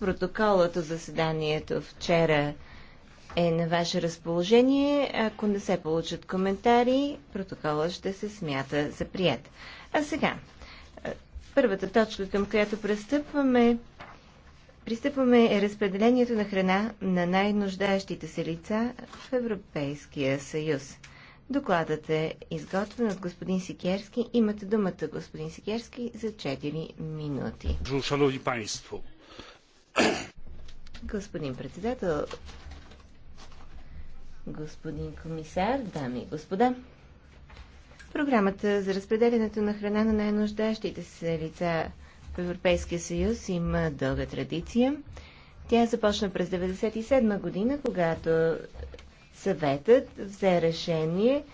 Протоколът от заседанието вчера е на ваше разположение. Ако не се получат коментари, протоколът ще се смята за прият. А сега, първата точка, към която пристъпваме, пристъпваме е разпределението на храна на най-нуждаещите се лица в Европейския съюз. Докладът е изготвен от господин Сикерски. Имате думата, господин Сикерски, за 4 минути. Шановни панство, Господин председател, господин комисар, дами и господа, програмата за разпределянето на храна на най-нуждащите се лица в Европейския съюз има дълга традиция. Тя започна през 1997 година, когато съветът взе решение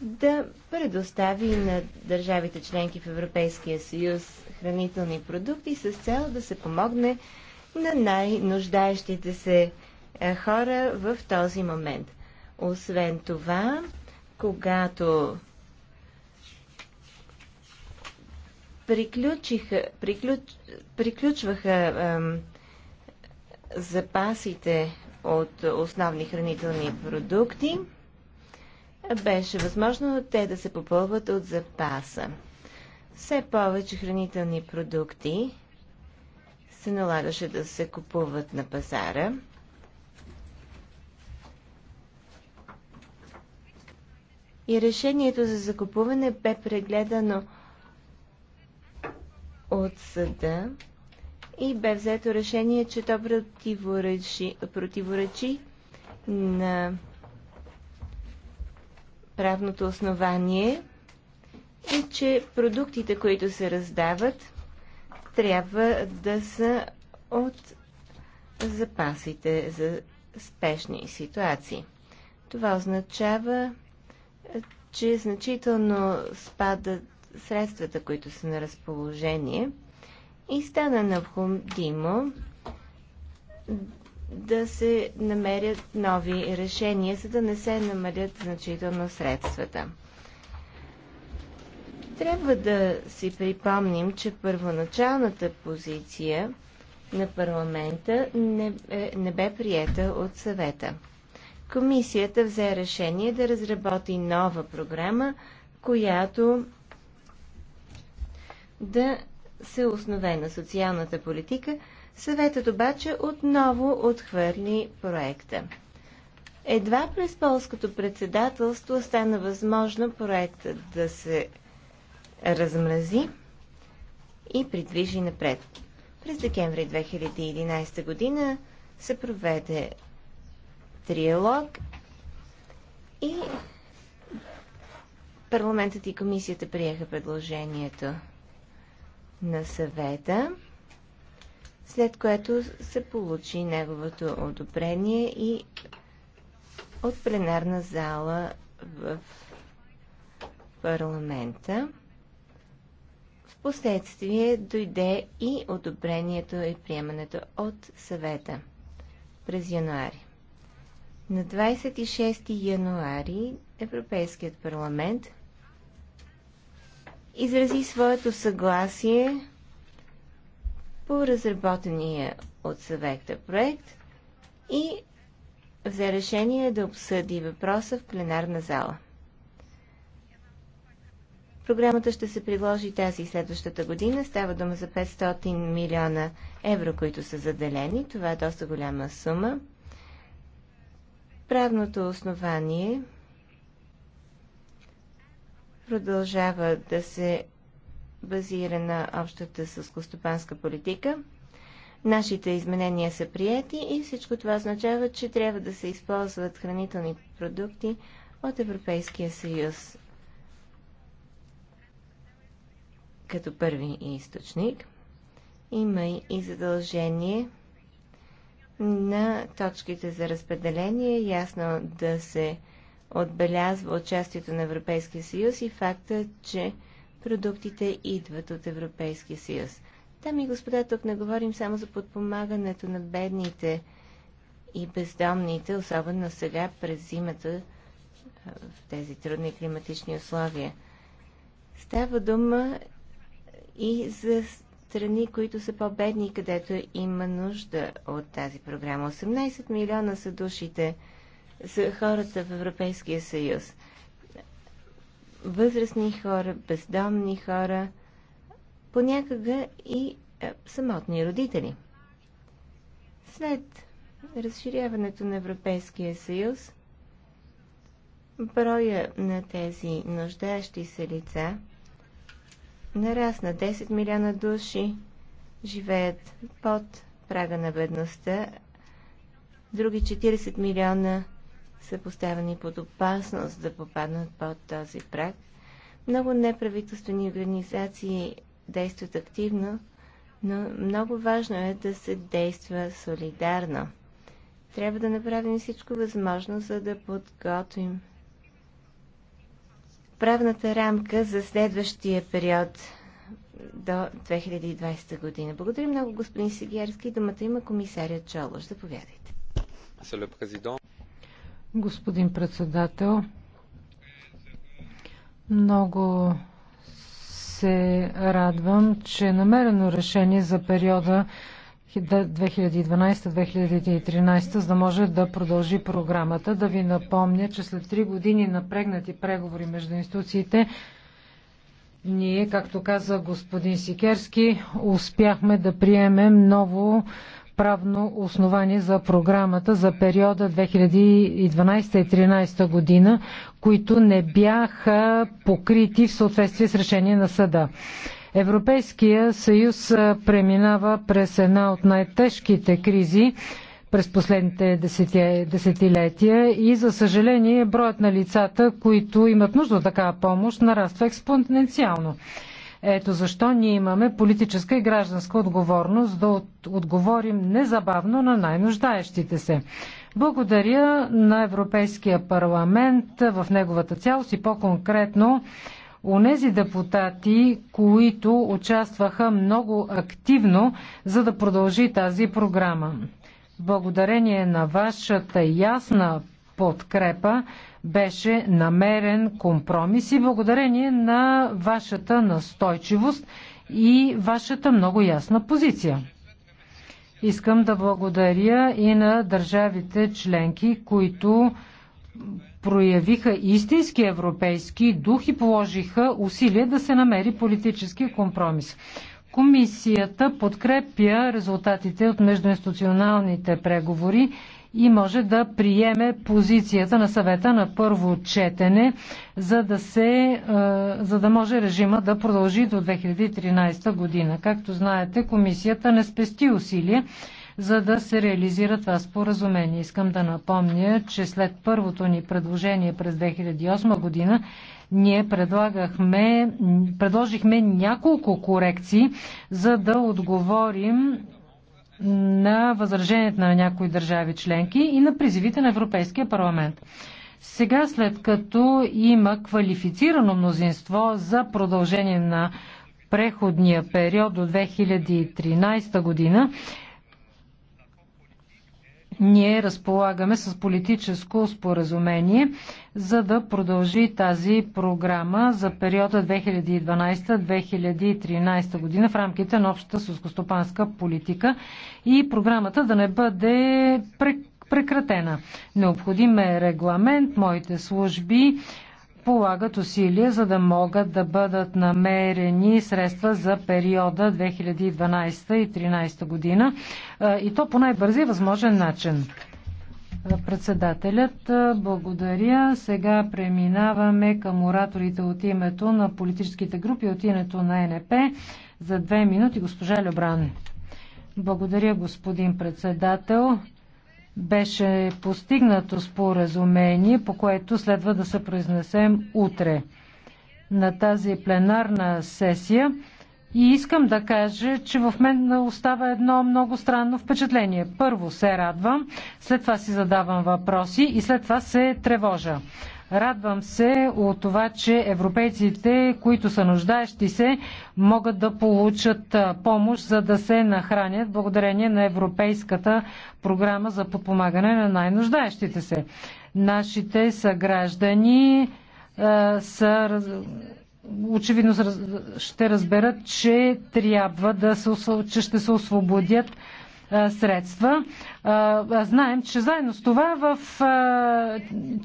да предостави на държавите членки в Европейския съюз хранителни продукти с цел да се помогне на най-нуждаещите се е, хора в този момент. Освен това, когато приключиха, приключ, приключваха ем, запасите от основни хранителни продукти, беше възможно те да се попълват от запаса. Все повече хранителни продукти се налагаше да се купуват на пазара. И решението за закупуване бе прегледано от съда и бе взето решение, че то противоречи, противоречи на правното основание и че продуктите, които се раздават, трябва да са от запасите за спешни ситуации. Това означава, че значително спадат средствата, които са на разположение и стана необходимо да се намерят нови решения, за да не се намалят значително средствата. Трябва да си припомним, че първоначалната позиция на парламента не, не бе приета от съвета. Комисията взе решение да разработи нова програма, която да се основе на социалната политика. Съветът обаче отново отхвърли проекта. Едва през полското председателство стана възможно проектът да се размрази и придвижи напред. През декември 2011 година се проведе триалог и парламентът и комисията приеха предложението на съвета, след което се получи неговото одобрение и от пленарна зала в парламента. Последствие дойде и одобрението и приемането от съвета през януари. На 26 януари Европейският парламент изрази своето съгласие по разработения от съвета проект и взе решение да обсъди въпроса в пленарна зала. Програмата ще се приложи тази и следващата година. Става дума за 500 милиона евро, които са заделени. Това е доста голяма сума. Правното основание продължава да се базира на общата сълскостопанска политика. Нашите изменения са прияти и всичко това означава, че трябва да се използват хранителни продукти от Европейския съюз като първи източник, има и задължение на точките за разпределение ясно да се отбелязва участието на Европейския съюз и факта, че продуктите идват от Европейския съюз. Там и господа, тук не говорим само за подпомагането на бедните и бездомните, особено сега през зимата в тези трудни климатични условия. Става дума и за страни, които са по-бедни, където има нужда от тази програма. 18 милиона са душите, са хората в Европейския съюз. Възрастни хора, бездомни хора, понякога и е, самотни родители. След разширяването на Европейския съюз, броя на тези нуждаещи се лица – нарасна. 10 милиона души живеят под прага на бедността. Други 40 милиона са поставени под опасност да попаднат под този праг. Много неправителствени организации действат активно, но много важно е да се действа солидарно. Трябва да направим всичко възможно, за да подготвим правната рамка за следващия период до 2020 година. Благодаря много, господин Сигерски. Думата има комисарят Чолош. Заповядайте. Господин председател, много се радвам, че е намерено решение за периода 2012-2013, за да може да продължи програмата. Да ви напомня, че след три години напрегнати преговори между институциите, ние, както каза господин Сикерски, успяхме да приемем ново правно основание за програмата за периода 2012-2013 година, които не бяха покрити в съответствие с решение на съда. Европейския съюз преминава през една от най-тежките кризи през последните десетилетия и, за съжаление, броят на лицата, които имат нужда от такава помощ, нараства експоненциално. Ето защо ние имаме политическа и гражданска отговорност да отговорим незабавно на най-нуждаещите се. Благодаря на Европейския парламент в неговата цялост и по-конкретно онези депутати, които участваха много активно, за да продължи тази програма. Благодарение на вашата ясна подкрепа беше намерен компромис и благодарение на вашата настойчивост и вашата много ясна позиция. Искам да благодаря и на държавите членки, които проявиха истински европейски дух и положиха усилия да се намери политически компромис. Комисията подкрепя резултатите от междуинституционалните преговори и може да приеме позицията на съвета на първо четене, за да, се, е, за да може режима да продължи до 2013 година. Както знаете, комисията не спести усилия за да се реализира това споразумение. Искам да напомня, че след първото ни предложение през 2008 година, ние предлагахме, предложихме няколко корекции, за да отговорим на възражението на някои държави членки и на призивите на Европейския парламент. Сега, след като има квалифицирано мнозинство за продължение на преходния период до 2013 година, ние разполагаме с политическо споразумение, за да продължи тази програма за периода 2012-2013 година в рамките на общата сълскостопанска политика и програмата да не бъде прекратена. Необходим е регламент, моите служби полагат усилия, за да могат да бъдат намерени средства за периода 2012 и 2013 година и то по най бързи възможен начин. Председателят, благодаря. Сега преминаваме към ораторите от името на политическите групи, от името на НП. За две минути госпожа Лебран. Благодаря, господин председател беше постигнато споразумение, по което следва да се произнесем утре на тази пленарна сесия. И искам да кажа, че в мен остава едно много странно впечатление. Първо се радвам, след това си задавам въпроси и след това се тревожа. Радвам се от това, че европейците, които са нуждаещи се, могат да получат помощ, за да се нахранят благодарение на Европейската програма за подпомагане на най-нуждаещите се. Нашите съграждани са очевидно ще разберат, че трябва да се, че ще се освободят средства. Знаем, че заедно с това, в,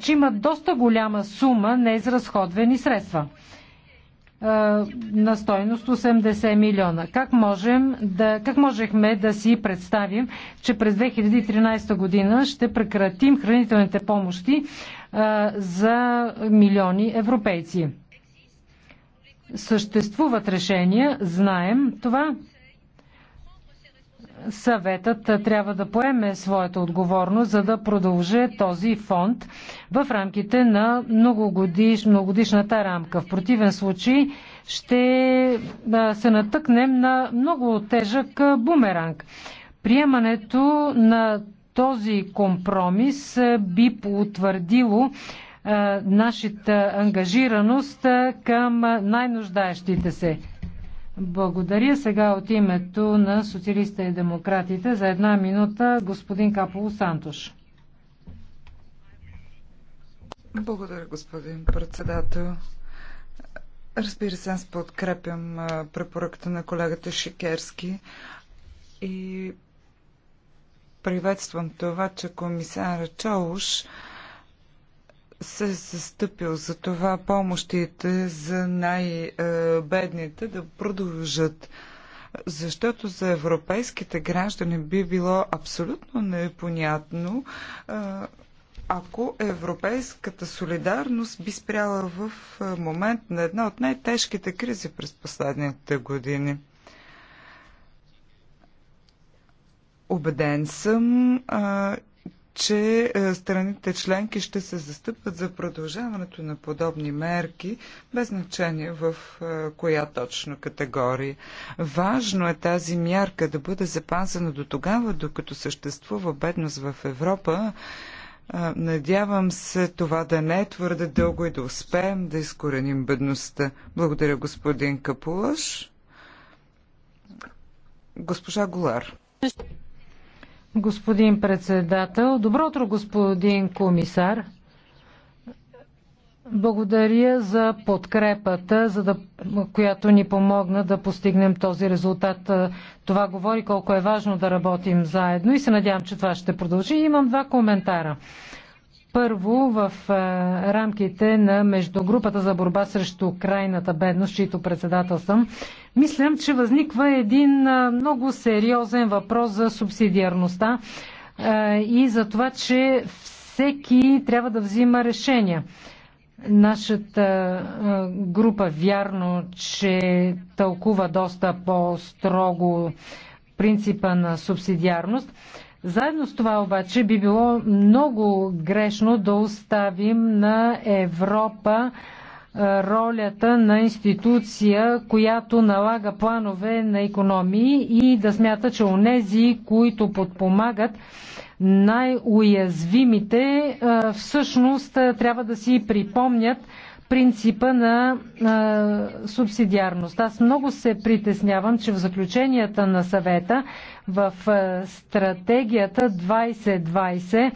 че има доста голяма сума неизразходвени средства на стойност 80 милиона. Как, можем да, как можехме да си представим, че през 2013 година ще прекратим хранителните помощи за милиони европейци? Съществуват решения, знаем това съветът трябва да поеме своята отговорност, за да продължи този фонд в рамките на многогодиш, многогодишната рамка. В противен случай ще се натъкнем на много тежък бумеранг. Приемането на този компромис би потвърдило нашата ангажираност към най-нуждаещите се. Благодаря сега от името на социалиста и демократите за една минута господин Капово Сантош. Благодаря, господин председател. Разбира се, аз подкрепям препоръката на колегата Шикерски и приветствам това, че комисара Чолуш се застъпил за това помощите за най-бедните да продължат. Защото за европейските граждани би било абсолютно непонятно ако европейската солидарност би спряла в момент на една от най-тежките кризи през последните години. Обеден съм, че е, страните членки ще се застъпват за продължаването на подобни мерки, без значение в е, коя точно категория. Важно е тази мярка да бъде запазена до тогава, докато съществува бедност в Европа. Е, надявам се това да не е твърде дълго и да успеем да изкореним бедността. Благодаря, господин Капулаш. Госпожа Голар господин председател. Добро утро, господин комисар. Благодаря за подкрепата, за да, която ни помогна да постигнем този резултат. Това говори колко е важно да работим заедно и се надявам, че това ще продължи. Имам два коментара. Първо, в е, рамките на Междугрупата за борба срещу крайната бедност, чието председател съм, мисля, че възниква един е, много сериозен въпрос за субсидиарността е, и за това, че всеки трябва да взима решения. Нашата група вярно, че тълкува доста по-строго принципа на субсидиарност заедно с това обаче би било много грешно да оставим на Европа е, ролята на институция, която налага планове на економии и да смята, че онези, които подпомагат най-уязвимите, е, всъщност е, трябва да си припомнят принципа на а, субсидиарност. Аз много се притеснявам, че в заключенията на съвета в а, стратегията 2020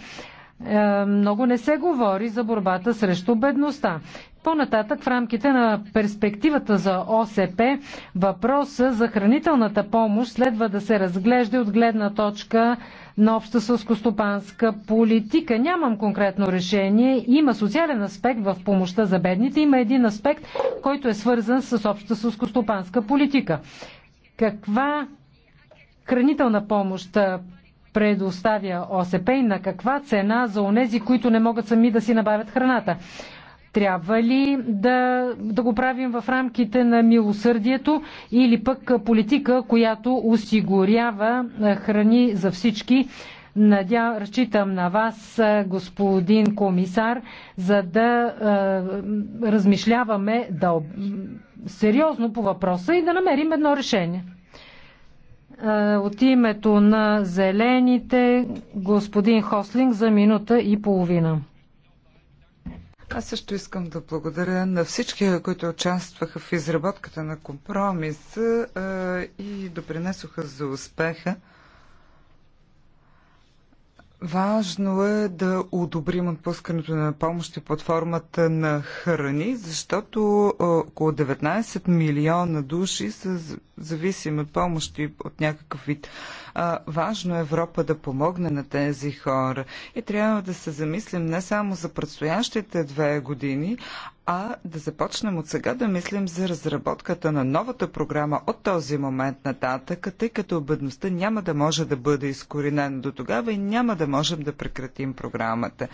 а, много не се говори за борбата срещу бедността. По-нататък, в рамките на перспективата за ОСП, въпроса за хранителната помощ следва да се разглежда от гледна точка на обща сълскостопанска политика. Нямам конкретно решение. Има социален аспект в помощта за бедните. Има един аспект, който е свързан с обща сълскостопанска политика. Каква хранителна помощ предоставя ОСП и на каква цена за онези, които не могат сами да си набавят храната? Трябва ли да, да го правим в рамките на милосърдието или пък политика, която осигурява храни за всички? Надя, разчитам на вас, господин комисар, за да е, размишляваме да, сериозно по въпроса и да намерим едно решение. Е, от името на зелените, господин Хослинг, за минута и половина. Аз също искам да благодаря на всички, които участваха в изработката на компромис и допринесоха за успеха. Важно е да одобрим отпускането на помощи под формата на храни, защото около 19 милиона души са зависими от помощи от някакъв вид. важно е Европа да помогне на тези хора и трябва да се замислим не само за предстоящите две години, а да започнем от сега да мислим за разработката на новата програма от този момент нататък, тъй като бедността няма да може да бъде изкоренена до тогава и няма да можем да прекратим програмата.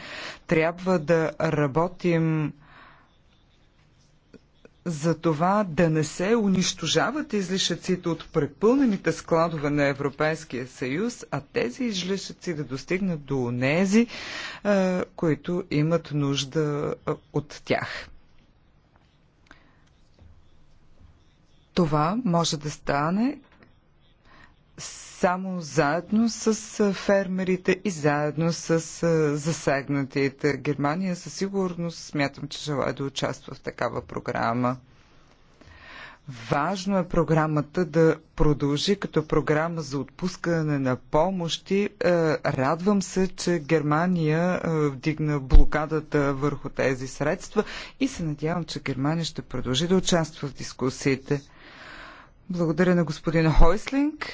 Трябва да работим за това да не се унищожават излишъците от препълнените складове на Европейския съюз, а тези излишъци да достигнат до онези, които имат нужда от тях. Това може да стане само заедно с фермерите и заедно с засегнатите. Германия със сигурност смятам, че желая да участва в такава програма. Важно е програмата да продължи като програма за отпускане на помощи. Е, радвам се, че Германия е, вдигна блокадата върху тези средства и се надявам, че Германия ще продължи да участва в дискусиите. Благодаря на господин Хойслинг.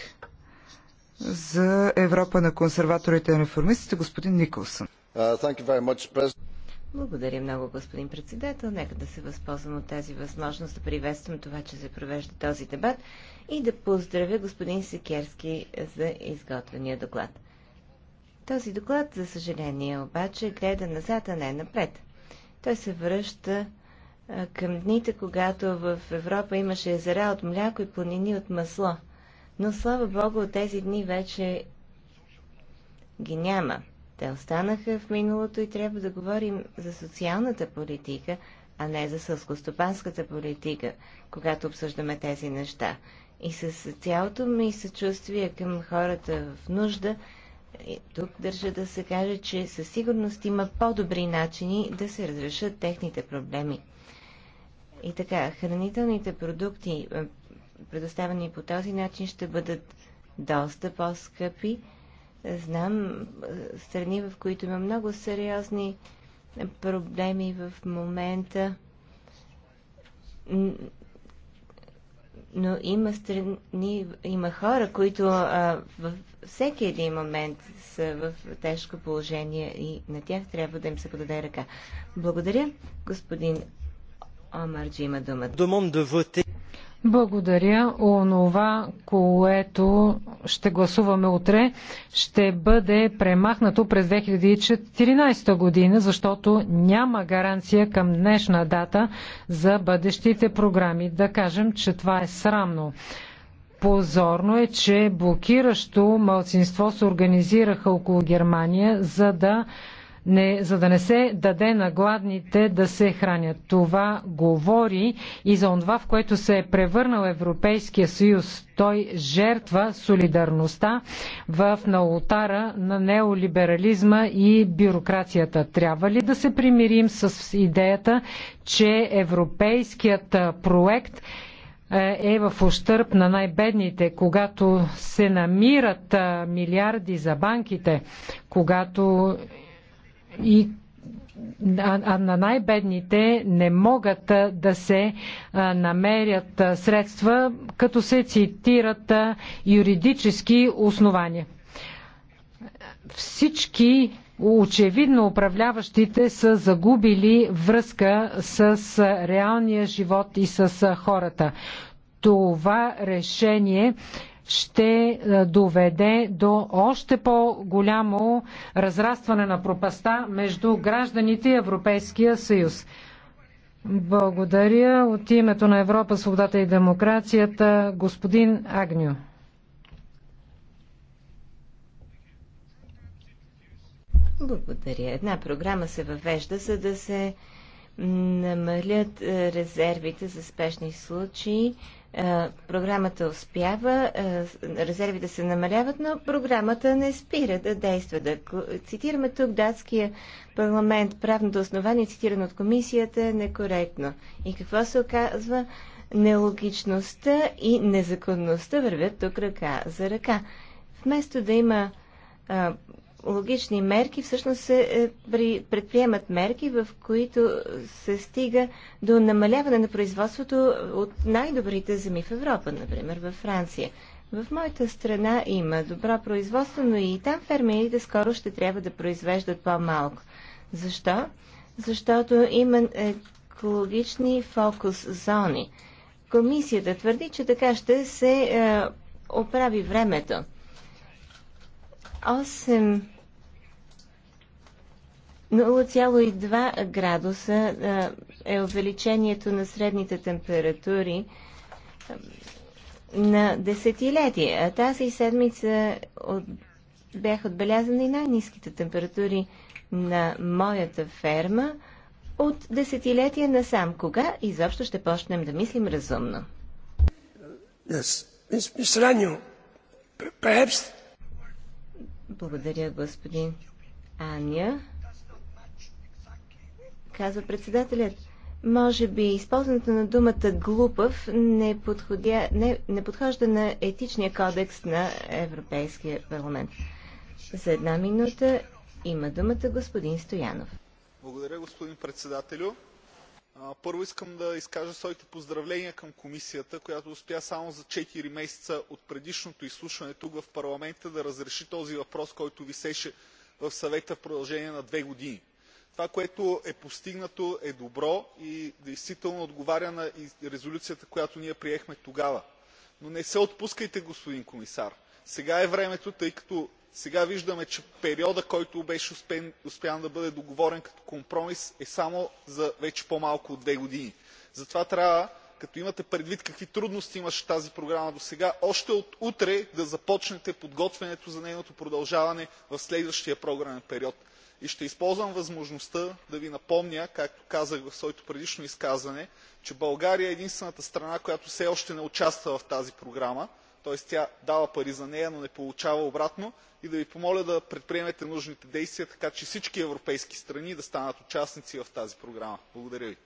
За Европа на консерваторите и реформистите, господин Николсън. Uh, благодаря много, господин председател. Нека да се възползвам от тази възможност да приветствам това, че се провежда този дебат и да поздравя господин Секерски за изготвения доклад. Този доклад, за съжаление, обаче гледа назад, а не напред. Той се връща към дните, когато в Европа имаше езера от мляко и планини от масло. Но слава Богу, от тези дни вече ги няма. Те останаха в миналото и трябва да говорим за социалната политика, а не за сълскостопанската политика, когато обсъждаме тези неща. И с цялото ми съчувствие към хората в нужда, тук държа да се каже, че със сигурност има по-добри начини да се разрешат техните проблеми. И така, хранителните продукти, е, предоставени по този начин, ще бъдат доста по-скъпи. Знам е, страни, в които има много сериозни проблеми в момента, но има страни, има хора, които във всеки един момент са в тежко положение и на тях трябва да им се подаде ръка. Благодаря, господин има думата. Благодаря. Онова, което ще гласуваме утре, ще бъде премахнато през 2014 година, защото няма гаранция към днешна дата за бъдещите програми. Да кажем, че това е срамно. Позорно е, че блокиращо малцинство се организираха около Германия, за да не, за да не се даде на гладните да се хранят. Това говори и за това, в което се е превърнал Европейския съюз. Той жертва солидарността в наултара на неолиберализма и бюрокрацията. Трябва ли да се примирим с идеята, че европейският проект е в ощърп на най-бедните, когато се намират милиарди за банките, когато и а на най-бедните не могат да се намерят средства, като се цитират юридически основания. Всички очевидно управляващите са загубили връзка с реалния живот и с хората. Това решение ще е, доведе до още по-голямо разрастване на пропаста между гражданите и Европейския съюз. Благодаря от името на Европа, свободата и демокрацията, господин Агню. Благодаря. Една програма се въвежда, за да се намалят е, резервите за спешни случаи, е, програмата успява, е, резервите се намаляват, но програмата не спира да действа. Да цитираме тук датския парламент, правното основание, цитирано от комисията, е некоректно. И какво се оказва? Нелогичността и незаконността вървят тук ръка за ръка. Вместо да има екологични мерки, всъщност се е, предприемат мерки, в които се стига до намаляване на производството от най-добрите земи в Европа, например във Франция. В моята страна има добро производство, но и там фермерите скоро ще трябва да произвеждат по-малко. Защо? Защото има екологични фокус зони. Комисията твърди, че така ще се е, оправи времето. 8 0,2 градуса е увеличението на средните температури на десетилетие. А тази седмица от... бяха отбелязани най-низките температури на моята ферма от десетилетия насам. Кога изобщо ще почнем да мислим разумно? Благодаря, господин Аня казва председателят. Може би използването на думата глупав не, подходя, не, не подхожда на етичния кодекс на Европейския парламент. За една минута има думата господин Стоянов. Благодаря, господин председателю. Първо искам да изкажа своите поздравления към комисията, която успя само за 4 месеца от предишното изслушване тук в парламента да разреши този въпрос, който висеше в съвета в продължение на две години това което е постигнато е добро и действително отговаря на резолюцията която ние приехме тогава. но не се отпускайте господин комисар. сега е времето тъй като сега виждаме че периодът който беше успян да бъде договорен като компромис е само за вече по малко от две години. затова трябва като имате предвид какви трудности имаше тази програма досега още от утре да започнете подготвянето за нейното продължаване в следващия програмен период и ще използвам възможността да ви напомня както казах в своето предишно изказване че България е единствената страна която все още не участва в тази програма т.е. тя дава пари за нея, но не получава обратно и да ви помоля да предприемете нужните действия, така че всички европейски страни да станат участници в тази програма. Благодаря ви.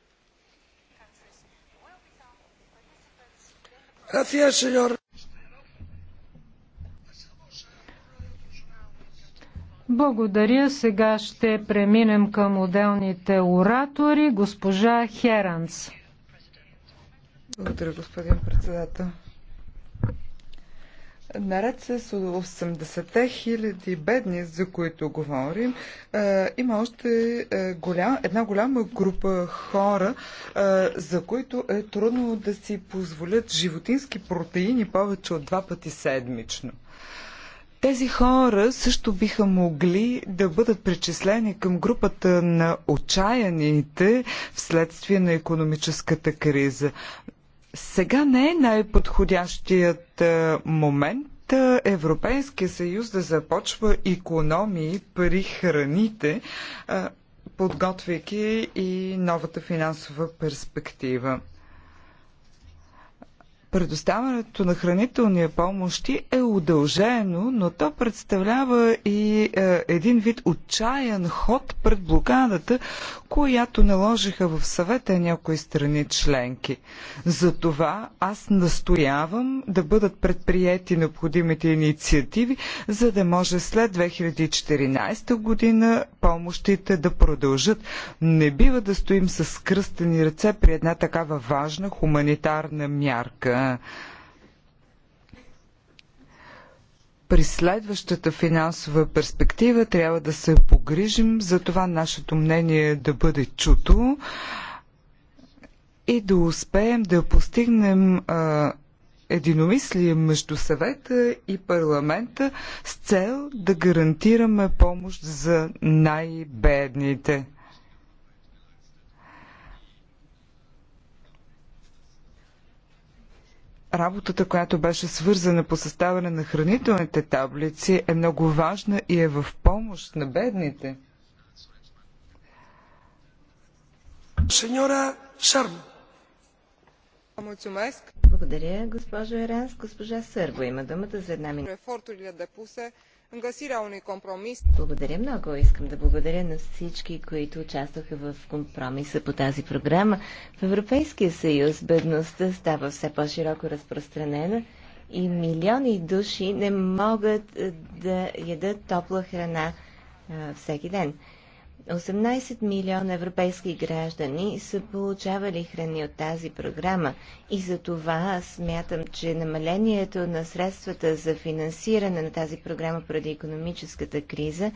Благодаря. Сега ще преминем към отделните оратори. Госпожа Херанс. Благодаря, господин председател. Наред с 80-те хиляди бедни, за които говорим, е, има още е, голям, една голяма група хора, е, за които е трудно да си позволят животински протеини повече от два пъти седмично. Тези хора също биха могли да бъдат причислени към групата на отчаяните вследствие на економическата криза. Сега не е най-подходящият е, момент е, Европейския съюз да започва икономии при храните, е, подготвяйки и новата финансова перспектива. Предоставянето на хранителния помощи е удължено, но то представлява и е, един вид отчаян ход пред блокадата, която наложиха в съвета някои страни членки. Затова аз настоявам да бъдат предприяти необходимите инициативи, за да може след 2014 година помощите да продължат. Не бива да стоим с кръстени ръце при една такава важна хуманитарна мярка. при следващата финансова перспектива трябва да се погрижим за това нашето мнение да бъде чуто и да успеем да постигнем а, единомислие между съвета и парламента с цел да гарантираме помощ за най-бедните. работата, която беше свързана по съставане на хранителните таблици, е много важна и е в помощ на бедните. Сеньора Шарм. Благодаря, госпожо Еранс. Госпожа Сърго има думата за една минута unui compromis. Благодаря много. Искам да благодаря на всички, които участваха в компромиса по тази програма. В Европейския съюз бедността става все по-широко разпространена и милиони души не могат е, да ядат топла храна е, всеки ден. 18 милиона европейски граждани са получавали храни от тази програма и за това смятам, че намалението на средствата за финансиране на тази програма преди економическата криза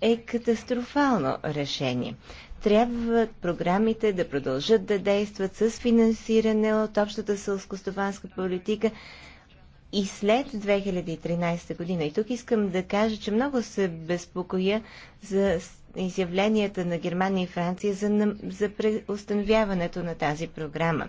е катастрофално решение. Трябва програмите да продължат да действат с финансиране от общата сълскостопанска политика и след 2013 година. И тук искам да кажа, че много се безпокоя за изявленията на Германия и Франция за, за преустановяването на тази програма.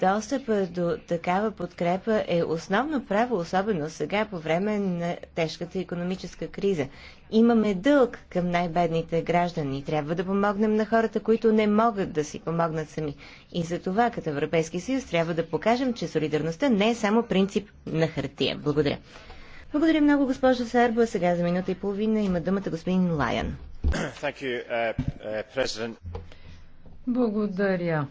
Достъпа до такава подкрепа е основно право, особено сега по време на тежката економическа криза. Имаме дълг към най-бедните граждани. Трябва да помогнем на хората, които не могат да си помогнат сами. И за това, като Европейски съюз, трябва да покажем, че солидарността не е само принцип на хартия. Благодаря. Благодаря много, госпожо Сарба. Сега за минута и половина има думата господин Лайан. Uh, uh, Благодаря.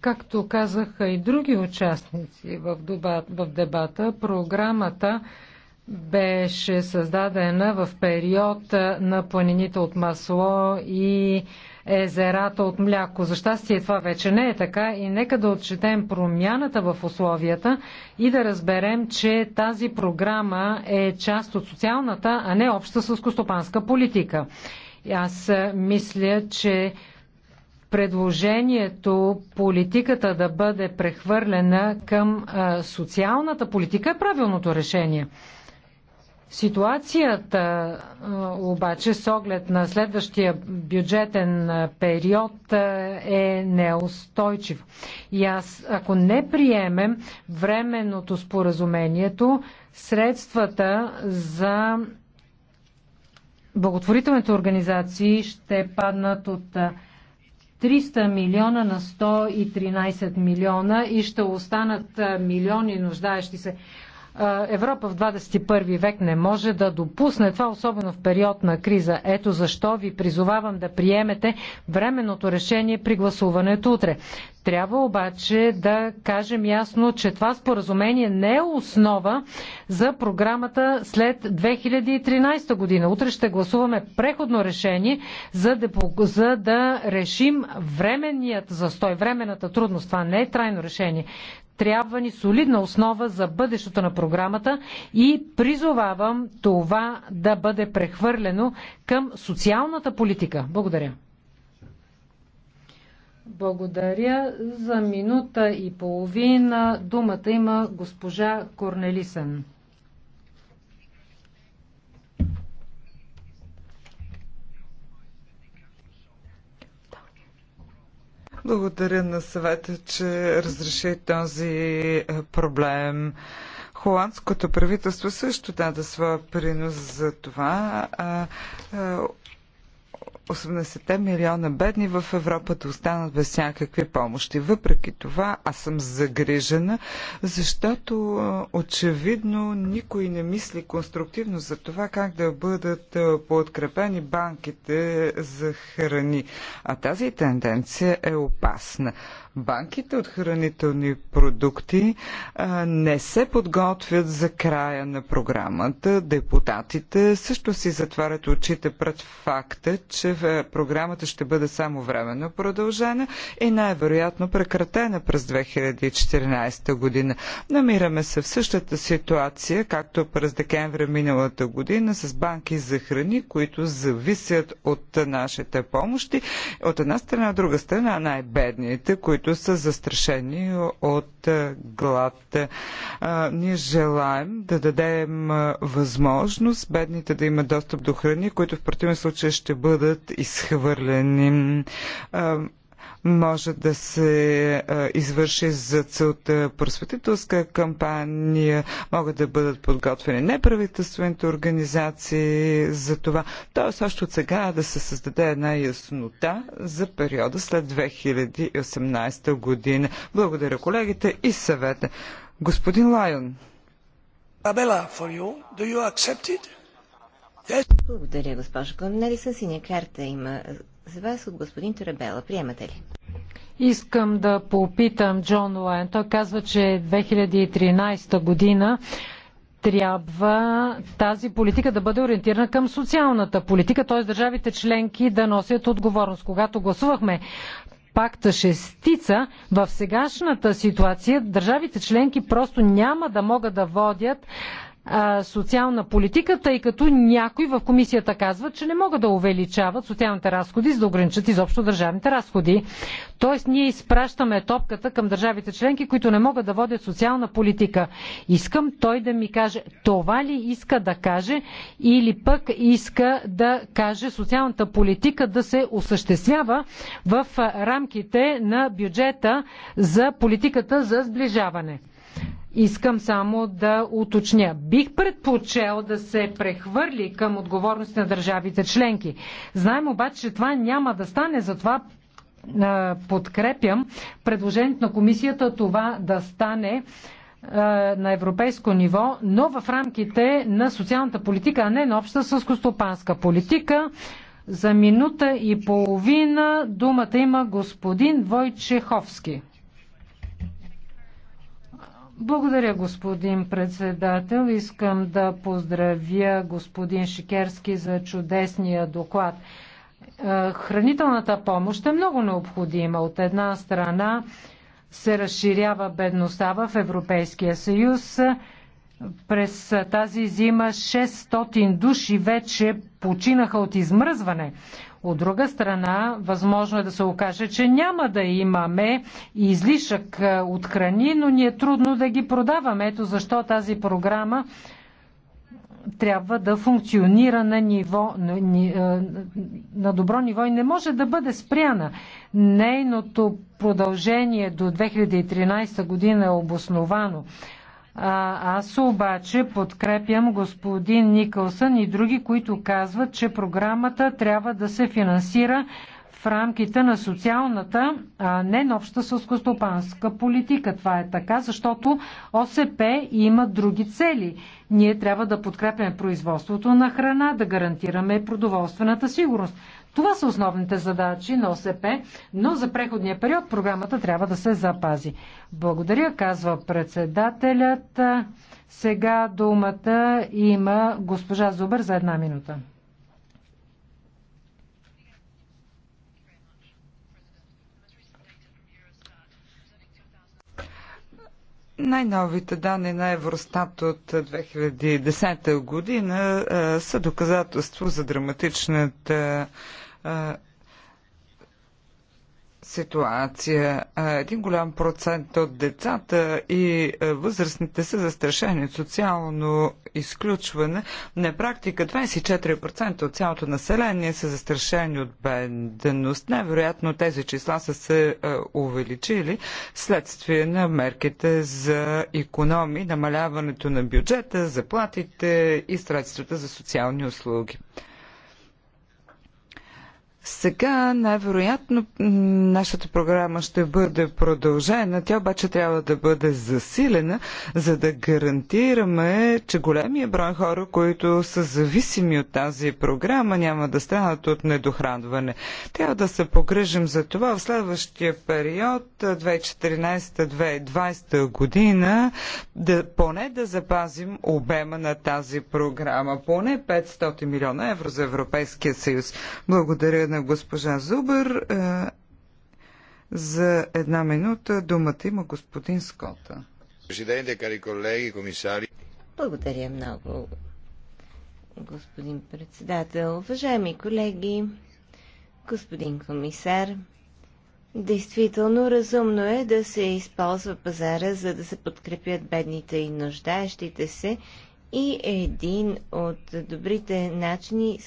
Както казаха и други участници в, дебата, програмата беше създадена в период на планините от масло и езерата от мляко. За щастие това вече не е така и нека да отчетем промяната в условията и да разберем, че тази програма е част от социалната, а не обща сълскостопанска политика. И аз мисля, че предложението политиката да бъде прехвърлена към социалната политика е правилното решение. Ситуацията обаче с оглед на следващия бюджетен период е неустойчив. И аз, ако не приемем временното споразумението, средствата за благотворителните организации ще паднат от 300 милиона на 113 милиона и ще останат милиони нуждаещи се. Европа в 21 век не може да допусне това, особено в период на криза. Ето защо ви призовавам да приемете временното решение при гласуването утре. Трябва обаче да кажем ясно, че това споразумение не е основа за програмата след 2013 година. Утре ще гласуваме преходно решение, за да, за да решим временният застой, времената трудност. Това не е трайно решение трябва ни солидна основа за бъдещето на програмата и призовавам това да бъде прехвърлено към социалната политика. Благодаря. Благодаря за минута и половина. Думата има госпожа Корнелисен. Благодаря на съвета, че разреши този е, проблем. Холандското правителство също даде своя принос за това. 80-те милиона бедни в Европа да останат без всякакви помощи. Въпреки това, аз съм загрижена, защото очевидно никой не мисли конструктивно за това как да бъдат подкрепени банките за храни. А тази тенденция е опасна банките от хранителни продукти не се подготвят за края на програмата. Депутатите също си затварят очите пред факта, че е, програмата ще бъде само временно продължена и най-вероятно прекратена през 2014 година. Намираме се в същата ситуация, както през декември миналата година с банки за храни, които зависят от нашите помощи. От една страна, от друга страна най-бедните, които които са застрашени от глад. Ние желаем да дадем възможност бедните да имат достъп до храни, които в противен случай ще бъдат изхвърлени може да се извърши за целта просветителска кампания, могат да бъдат подготвени неправителствените организации за това. Тоест, още от сега да се създаде една яснота за периода след 2018 година. Благодаря колегите и съвета. Господин Лайон. Yes. Благодаря, госпожо Нали с синя карта има за вас от господин Тарабела. Приемате ли? Искам да попитам Джон Лайн. Той казва, че 2013 година трябва тази политика да бъде ориентирана към социалната политика, т.е. държавите членки да носят отговорност. Когато гласувахме пакта шестица, в сегашната ситуация държавите членки просто няма да могат да водят социална политика, тъй като някои в комисията казват, че не могат да увеличават социалните разходи, за да ограничат изобщо държавните разходи. Тоест ние изпращаме топката към държавите членки, които не могат да водят социална политика. Искам той да ми каже това ли иска да каже или пък иска да каже социалната политика да се осъществява в рамките на бюджета за политиката за сближаване. Искам само да уточня. Бих предпочел да се прехвърли към отговорност на държавите членки. Знаем обаче, че това няма да стане, затова подкрепям предложението на комисията това да стане на европейско ниво, но в рамките на социалната политика, а не на обща сълскостопанска политика. За минута и половина думата има господин Войчеховски. Благодаря, господин председател. Искам да поздравя господин Шикерски за чудесния доклад. Е, хранителната помощ е много необходима. От една страна се разширява бедността в Европейския съюз. През тази зима 600 души вече починаха от измръзване. От друга страна, възможно е да се окаже, че няма да имаме излишък е, от храни, но ни е трудно да ги продаваме. Ето защо тази програма трябва да функционира на, ниво, на е, добро ниво и не може да бъде спряна. Нейното продължение до 2013 година е обосновано. А, аз обаче подкрепям господин Никълсън и други, които казват, че програмата трябва да се финансира в рамките на социалната, а не на обща сълскостопанска политика. Това е така, защото ОСП има други цели. Ние трябва да подкрепяме производството на храна, да гарантираме продоволствената сигурност. Това са основните задачи на ОСП, но за преходния период програмата трябва да се запази. Благодаря, казва председателят. Сега думата има госпожа Зубър за една минута. Най-новите данни на Евростат от 2010 година са доказателство за драматичната ситуация. Един голям процент от децата и възрастните са застрашени от социално изключване. На практика 24% от цялото население са застрашени от бедност. Невероятно тези числа са се увеличили следствие на мерките за економи, намаляването на бюджета, заплатите и средствата за социални услуги. Сега най-вероятно нашата програма ще бъде продължена, тя обаче трябва да бъде засилена, за да гарантираме, че големия брой хора, които са зависими от тази програма, няма да станат от недохранване. Трябва да се погрежим за това в следващия период 2014-2020 година, да, поне да запазим обема на тази програма, поне 500 милиона евро за Европейския съюз. Благодаря на госпожа Зубър. Е, за една минута думата има господин Скота. Президенте, кари колеги, комисари. Благодаря много, господин председател. Уважаеми колеги, господин комисар, действително разумно е да се използва пазара, за да се подкрепят бедните и нуждаещите се и един от добрите начини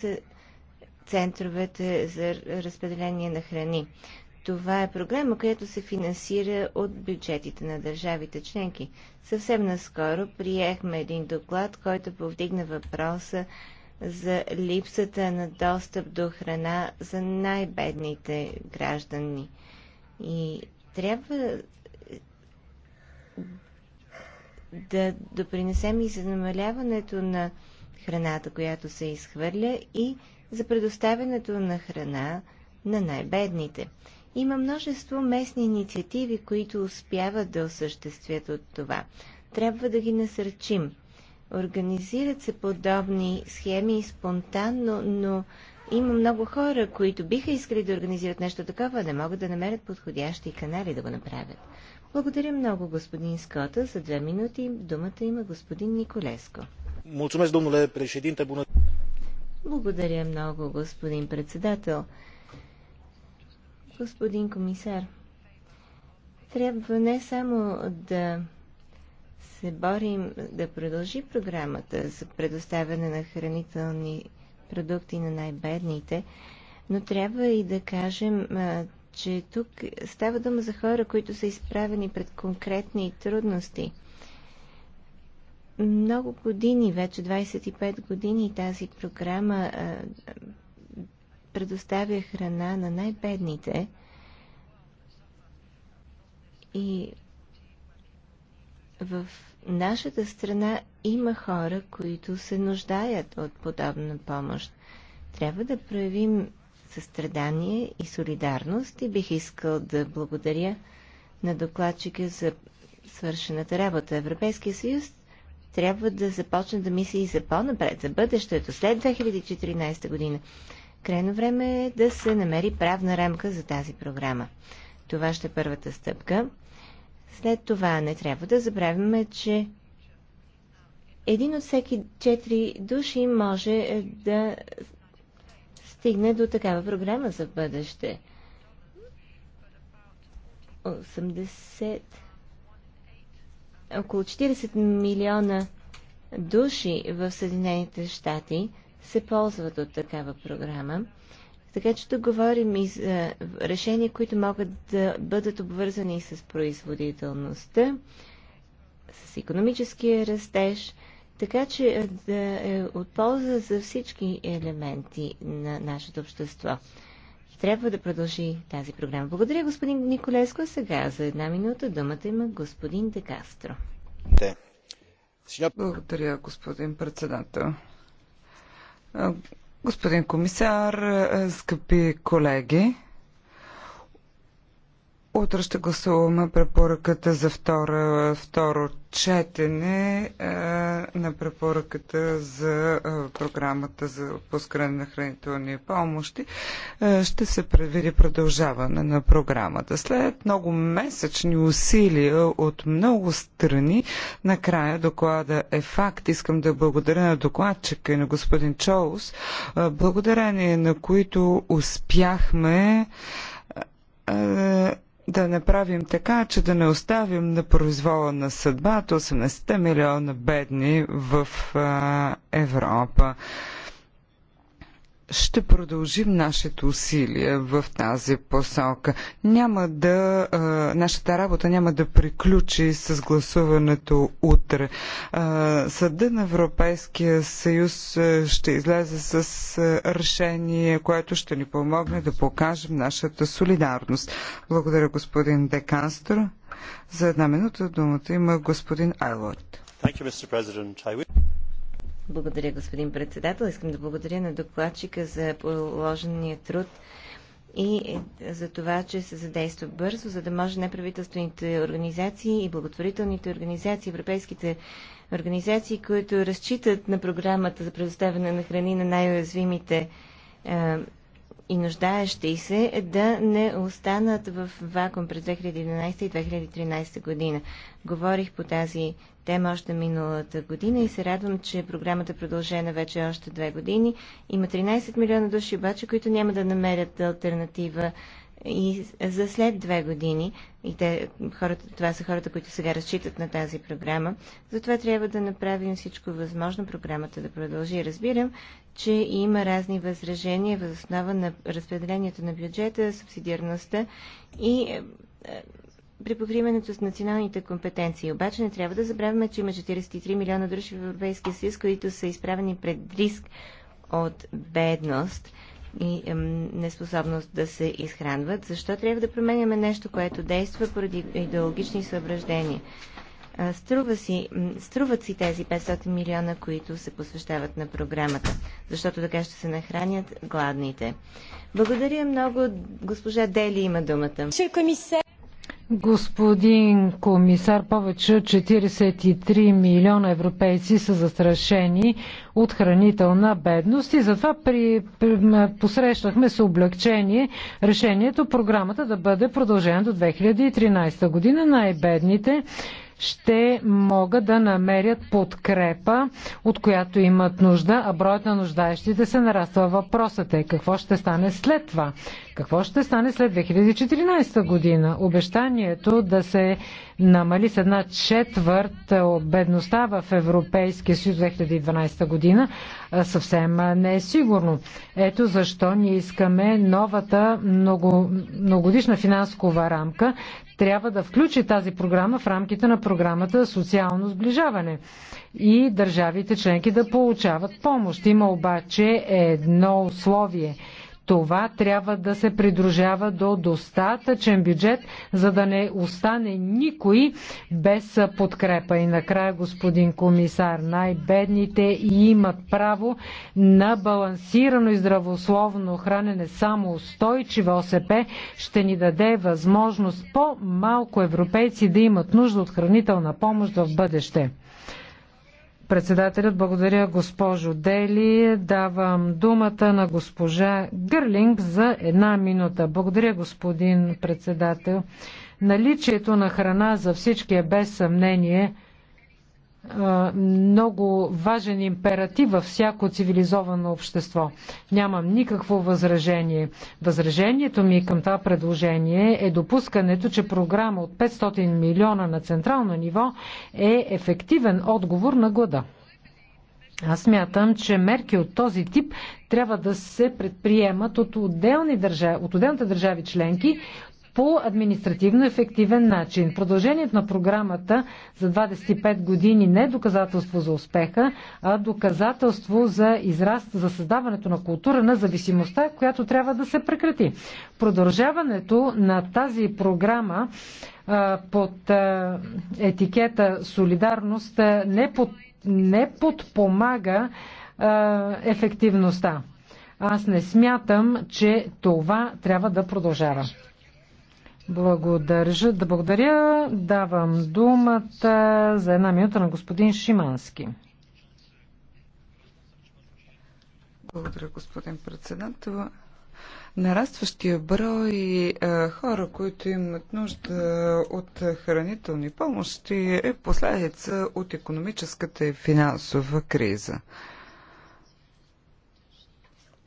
центровете за разпределение на храни. Това е програма, която се финансира от бюджетите на държавите членки. Съвсем наскоро приехме един доклад, който повдигна въпроса за липсата на достъп до храна за най-бедните граждани. И трябва да допринесем и за намаляването на храната, която се изхвърля и за предоставянето на храна на най-бедните. Има множество местни инициативи, които успяват да осъществят от това. Трябва да ги насърчим. Организират се подобни схеми спонтанно, но има много хора, които биха искали да организират нещо такова, не могат да намерят подходящи канали да го направят. Благодаря много, господин Скота. За две минути думата има господин Николеско. Благодаря много, господин председател. Господин комисар, трябва не само да се борим да продължи програмата за предоставяне на хранителни продукти на най-бедните, но трябва и да кажем, че тук става дума за хора, които са изправени пред конкретни трудности много години, вече 25 години тази програма предоставя храна на най-бедните и в нашата страна има хора, които се нуждаят от подобна помощ. Трябва да проявим състрадание и солидарност и бих искал да благодаря на докладчика за свършената работа. Европейския съюз трябва да започне да мисли и за по-напред, за бъдещето, след 2014 година. Крайно време е да се намери правна рамка за тази програма. Това ще е първата стъпка. След това не трябва да забравяме, че един от всеки четири души може да стигне до такава програма за бъдеще. 80 около 40 милиона души в Съединените щати се ползват от такава програма. Така че тук говорим и за решения, които могат да бъдат обвързани с производителността, с економическия растеж, така че е, да е от полза за всички елементи на нашето общество трябва да продължи тази програма. Благодаря, господин Николеско. Сега за една минута думата има господин Декастро. Благодаря, господин председател. Господин комисар, скъпи колеги, Утре ще гласуваме препоръката за втора, второ четене е, на препоръката за е, програмата за отпускане на хранителни помощи. Е, ще се предвиди продължаване на програмата. След много месечни усилия от много страни, накрая доклада е факт. Искам да благодаря на докладчика и на господин Чоус, е, благодарение на които успяхме е, да направим така, че да не оставим на произвола на съдбата 80 милиона бедни в Европа ще продължим нашите усилия в тази посока. Няма да, а, нашата работа няма да приключи с гласуването утре. А, Съда на Европейския съюз ще излезе с решение, което ще ни помогне да покажем нашата солидарност. Благодаря господин Деканстро. За една минута думата има господин Айлот. Благодаря, господин председател. Искам да благодаря на докладчика за положения труд и за това, че се задейства бързо, за да може неправителствените организации и благотворителните организации, европейските организации, които разчитат на програмата за предоставяне на храни на най-уязвимите е, и нуждаещи се, да не останат в вакуум през 2011 и 2013 година. Говорих по тази тема още миналата година и се радвам, че програмата продължена вече още две години. Има 13 милиона души обаче, които няма да намерят альтернатива и за след две години, и те, хората, това са хората, които сега разчитат на тази програма, затова трябва да направим всичко възможно програмата да продължи. Разбирам, че има разни възражения въз основа на разпределението на бюджета, субсидиарността и е, при покриването с националните компетенции. Обаче не трябва да забравяме, че има 43 милиона души в Европейския съюз, които са изправени пред риск от бедност и ем, неспособност да се изхранват. Защо трябва да променяме нещо, което действа поради идеологични съображения? Струва си, струват си тези 500 милиона, които се посвещават на програмата, защото така ще се нахранят гладните. Благодаря много. Госпожа Дели има думата. Господин комисар, повече от 43 милиона европейци са застрашени от хранителна бедност и затова при, при, посрещнахме с облегчение решението програмата да бъде продължена до 2013 година. Най-бедните ще могат да намерят подкрепа, от която имат нужда, а броят на нуждаещите се нараства. Въпросът е какво ще стане след това? Какво ще стане след 2014 година? Обещанието да се намали с една четвърт бедността в Европейския съюз 2012 година, съвсем не е сигурно. Ето защо ние искаме новата много, многогодишна финансова рамка трябва да включи тази програма в рамките на програмата социално сближаване и държавите членки да получават помощ. Има обаче едно условие – това трябва да се придружава до достатъчен бюджет, за да не остане никой без подкрепа. И накрая, господин комисар, най-бедните имат право на балансирано и здравословно хранене. Само устойчива ОСП ще ни даде възможност по-малко европейци да имат нужда от хранителна помощ в бъдеще. Председателят, благодаря госпожо Дели. Давам думата на госпожа Гърлинг за една минута. Благодаря господин председател. Наличието на храна за всички е без съмнение много важен императив във всяко цивилизовано общество. Нямам никакво възражение. Възражението ми към това предложение е допускането, че програма от 500 милиона на централно ниво е ефективен отговор на глада. Аз мятам, че мерки от този тип трябва да се предприемат от, отделни държави, от отделните държави членки по административно ефективен начин. Продължението на програмата за 25 години не е доказателство за успеха, а доказателство за израст, за създаването на култура на зависимостта, която трябва да се прекрати. Продължаването на тази програма под етикета солидарност не, под, не подпомага ефективността. Аз не смятам, че това трябва да продължава. Благодаря. Да благодаря. Давам думата за една минута на господин Шимански. Благодаря, господин председател. Нарастващия брой е, хора, които имат нужда от хранителни помощи, е последица от економическата и финансова криза.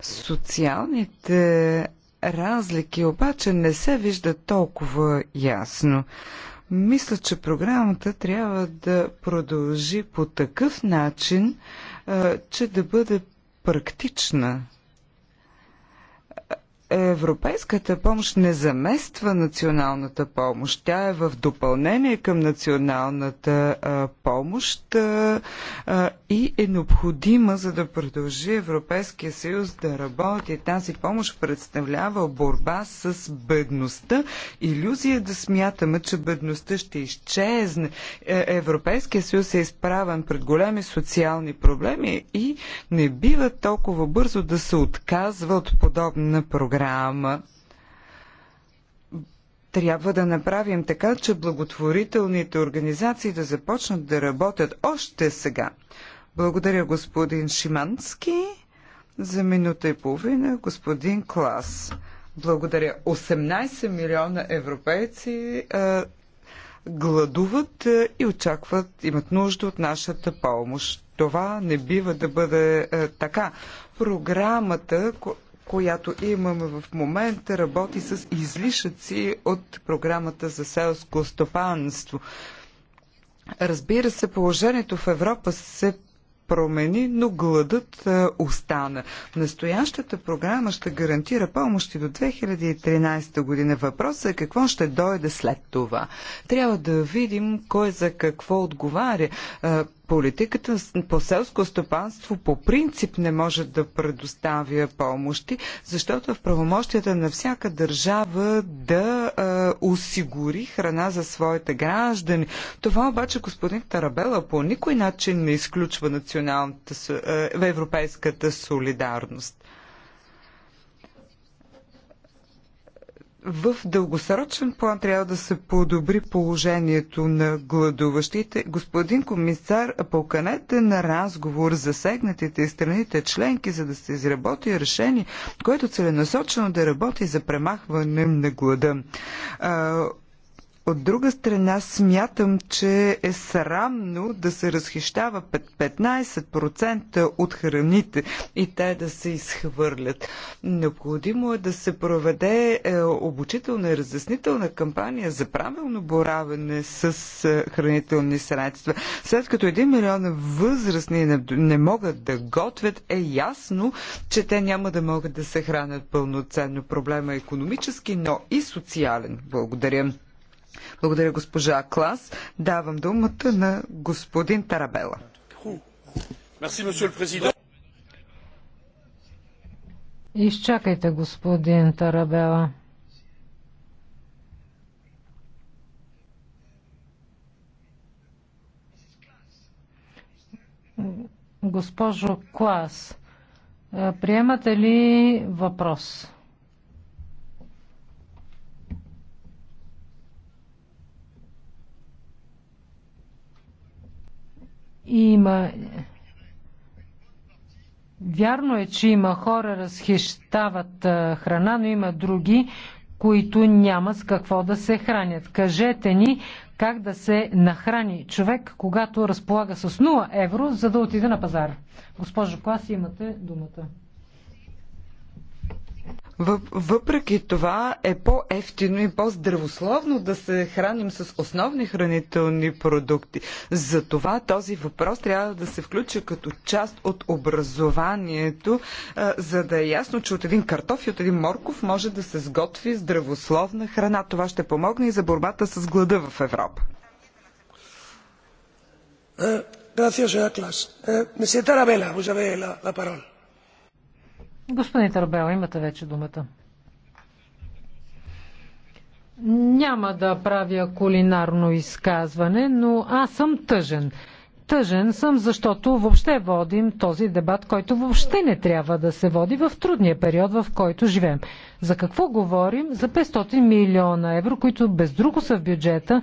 Социалните разлики обаче не се виждат толкова ясно. Мисля, че програмата трябва да продължи по такъв начин, че да бъде практична Европейската помощ не замества националната помощ. Тя е в допълнение към националната а, помощ а, и е необходима, за да продължи Европейския съюз да работи. Тази помощ представлява борба с бедността. Иллюзия да смятаме, че бедността ще изчезне. Е, Европейския съюз е изправен пред големи социални проблеми и не бива толкова бързо да се отказва от подобна програма програма. Трябва да направим така, че благотворителните организации да започнат да работят още сега. Благодаря господин Шимански за минута и половина, господин Клас. Благодаря. 18 милиона европейци а, гладуват а, и очакват, имат нужда от нашата помощ. Това не бива да бъде а, така. Програмата, която имаме в момента, работи с излишъци от програмата за селско стопанство. Разбира се, положението в Европа се промени, но гладът е, остана. Настоящата програма ще гарантира помощи до 2013 година. Въпросът е какво ще дойде след това. Трябва да видим кой за какво отговаря. Е, политиката по селско стопанство по принцип не може да предоставя помощи, защото в правомощията на всяка държава да а, осигури храна за своите граждани. Това обаче господин Тарабела по никой начин не изключва националната, европейската солидарност. В дългосрочен план трябва да се подобри положението на гладуващите. Господин комисар, поканете на разговор засегнатите и страните членки, за да се изработи решение, което целенасочено да работи за премахване на глада. От друга страна, смятам, че е срамно да се разхищава 15% от храните и те да се изхвърлят. Необходимо е да се проведе е, обучителна и разяснителна кампания за правилно боравене с е, хранителни средства. След като един милион възрастни не, не могат да готвят, е ясно, че те няма да могат да се хранят пълноценно. Проблема е економически, но и социален. Благодаря. Благодаря, госпожа Клас. Давам думата на господин Тарабела. Изчакайте, господин Тарабела. Госпожо Клас, приемате ли въпрос? Има. Вярно е, че има хора, разхищават храна, но има други, които няма с какво да се хранят. Кажете ни как да се нахрани човек, когато разполага с 0 евро, за да отиде на пазар. Госпожо Клас, имате думата. Въпреки това е по-ефтино и по-здравословно да се храним с основни хранителни продукти. Затова този въпрос трябва да се включи като част от образованието, за да е ясно, че от един картоф и от един морков може да се сготви здравословна храна. Това ще помогне и за борбата с глада в Европа. Gracias, señora Clas. Eh, Tarabella, vous avez la, la parole. Господин Тарбела, имате вече думата. Няма да правя кулинарно изказване, но аз съм тъжен. Тъжен съм, защото въобще водим този дебат, който въобще не трябва да се води в трудния период, в който живеем. За какво говорим? За 500 милиона евро, които без друго са в бюджета,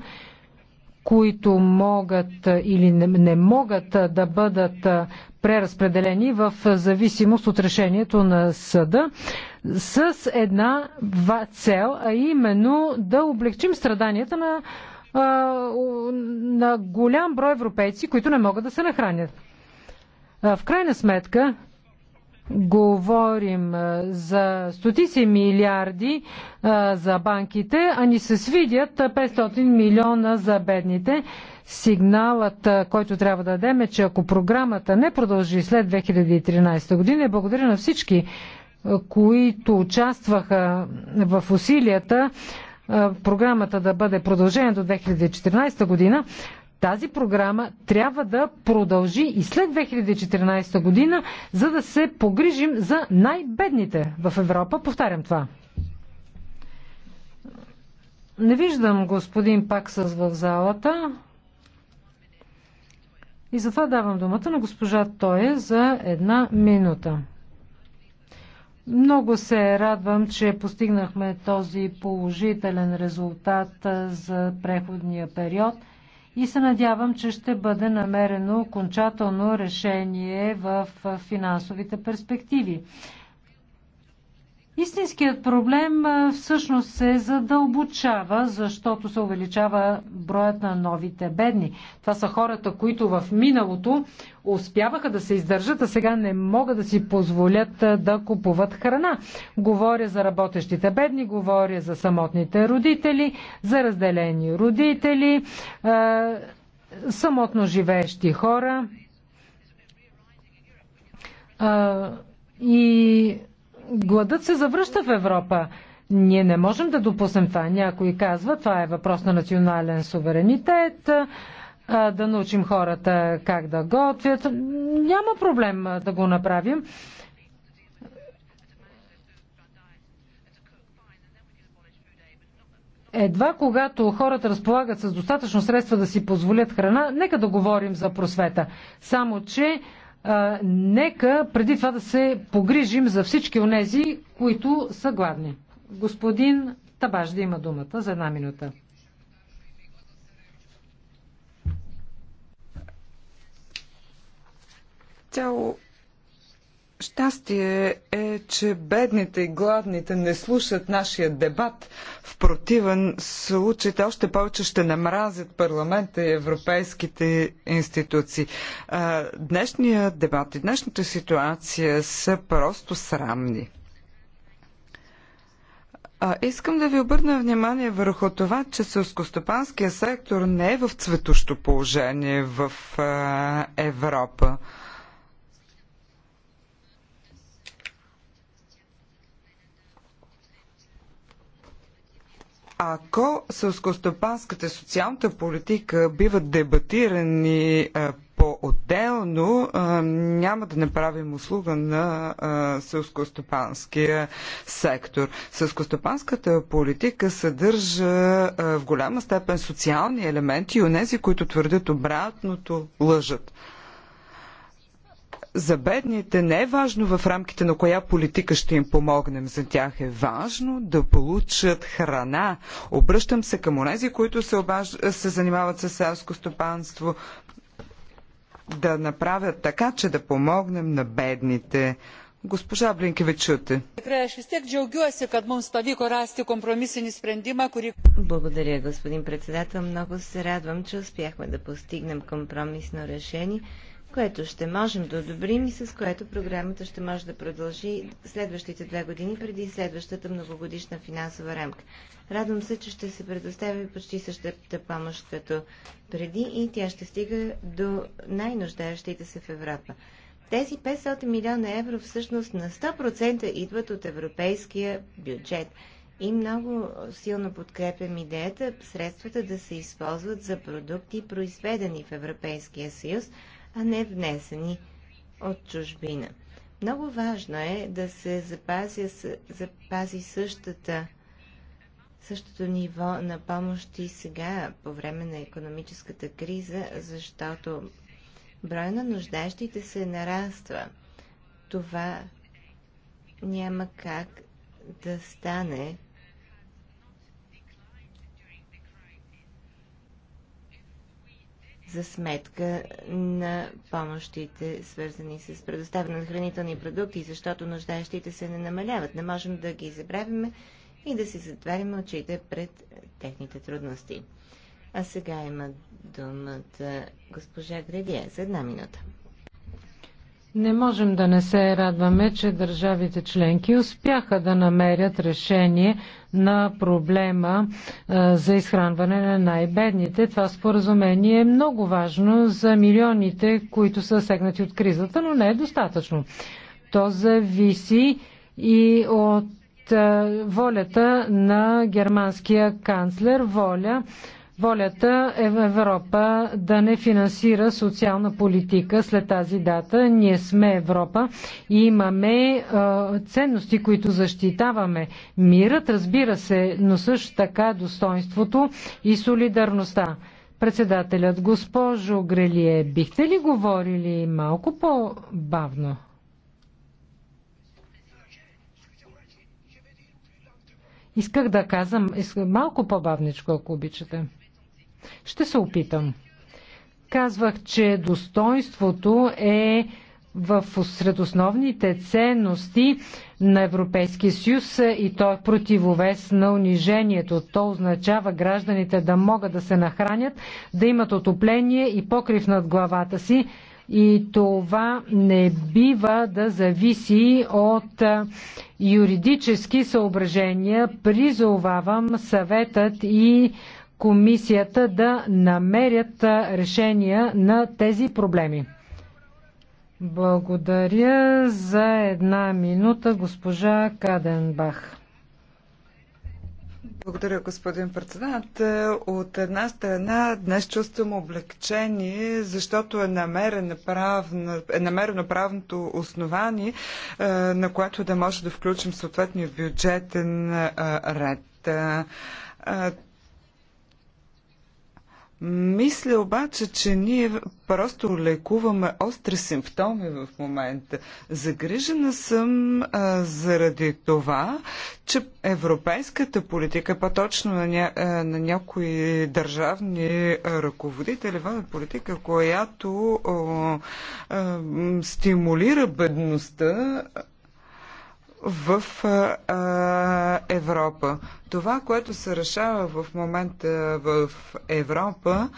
които могат или не могат да бъдат преразпределени в зависимост от решението на съда с една цел, а именно да облегчим страданията на, на голям брой европейци, които не могат да се нахранят. В крайна сметка, говорим за стотици милиарди за банките, а ни се свидят 500 милиона за бедните. Сигналът, който трябва да дадем е, че ако програмата не продължи след 2013 година, е благодаря на всички, които участваха в усилията програмата да бъде продължена до 2014 година, тази програма трябва да продължи и след 2014 година, за да се погрижим за най-бедните в Европа. Повтарям това. Не виждам господин Паксас в залата. И затова давам думата на госпожа Тое за една минута. Много се радвам, че постигнахме този положителен резултат за преходния период – и се надявам, че ще бъде намерено окончателно решение в финансовите перспективи. Истинският проблем всъщност се задълбочава, защото се увеличава броят на новите бедни. Това са хората, които в миналото успяваха да се издържат, а сега не могат да си позволят да купуват храна. Говоря за работещите бедни, говоря за самотните родители, за разделени родители, самотно живеещи хора. И гладът се завръща в Европа. Ние не можем да допуснем това. Някой казва, това е въпрос на национален суверенитет, да научим хората как да готвят. Няма проблем да го направим. Едва когато хората разполагат с достатъчно средства да си позволят храна, нека да говорим за просвета. Само, че а, нека преди това да се погрижим за всички онези, които са гладни. Господин Табажди има думата за една минута. Цяло Щастие е, че бедните и гладните не слушат нашия дебат. В противен случай те още повече ще намразят парламента и европейските институции. Днешният дебат и днешната ситуация са просто срамни. искам да ви обърна внимание върху това, че селскостопанския сектор не е в цветущо положение в Европа. Ако сълскостопанската и социалната политика биват дебатирани е, по-отделно, е, няма да направим услуга на е, сълскостопанския сектор. Сълскостопанската политика съдържа в голяма степен социални елементи и онези, които твърдят обратното, лъжат за бедните не е важно в рамките на коя политика ще им помогнем. За тях е важно да получат храна. Обръщам се към онези, които се, обаж... се занимават с селско стопанство, да направят така, че да помогнем на бедните. Госпожа Блинкевичуте. Благодаря, господин председател. Много се радвам, че успяхме да постигнем компромисно решение което ще можем да одобрим и с което програмата ще може да продължи следващите две години преди следващата многогодишна финансова рамка. Радвам се, че ще се предоставя почти същата помощ като преди и тя ще стига до най-нуждаещите се в Европа. Тези 500 милиона евро всъщност на 100% идват от европейския бюджет. И много силно подкрепям идеята средствата да се използват за продукти, произведени в Европейския съюз, а не внесени от чужбина. Много важно е да се запази, запази същата, същото ниво на помощ и сега, по време на економическата криза, защото броя на нуждащите се нараства. Това няма как да стане за сметка на помощите, свързани с предоставяне на хранителни продукти, защото нуждаещите се не намаляват. Не можем да ги забравяме и да си затваряме очите пред техните трудности. А сега има думата госпожа Гредия за една минута. Не можем да не се радваме, че държавите членки успяха да намерят решение на проблема за изхранване на най-бедните. Това споразумение е много важно за милионите, които са сегнати от кризата, но не е достатъчно. То зависи и от волята на германския канцлер, воля волята е в Европа да не финансира социална политика след тази дата. Ние сме Европа и имаме ценности, които защитаваме. Мирът, разбира се, но също така достоинството и солидарността. Председателят, госпожо Грелие, бихте ли говорили малко по-бавно? Исках да казвам, малко по-бавничко, ако обичате. Ще се опитам. Казвах, че достоинството е в средосновните ценности на Европейския съюз и то е противовес на унижението. То означава гражданите да могат да се нахранят, да имат отопление и покрив над главата си и това не бива да зависи от юридически съображения. Призовавам съветът и комисията да намерят решения на тези проблеми. Благодаря за една минута, госпожа Каденбах. Благодаря, господин председател. От една страна днес чувствам облегчение, защото е намерено, правно, е намерено правното основание, е, на което да може да включим съответния бюджетен е, ред. Е, мисля обаче, че ние просто лекуваме остри симптоми в момента. Загрижена съм а, заради това, че европейската политика, по-точно на, ня, на някои държавни ръководители, вода политика, която а, а, стимулира бедността, в а, Европа. Това, което се решава в момента в Европа,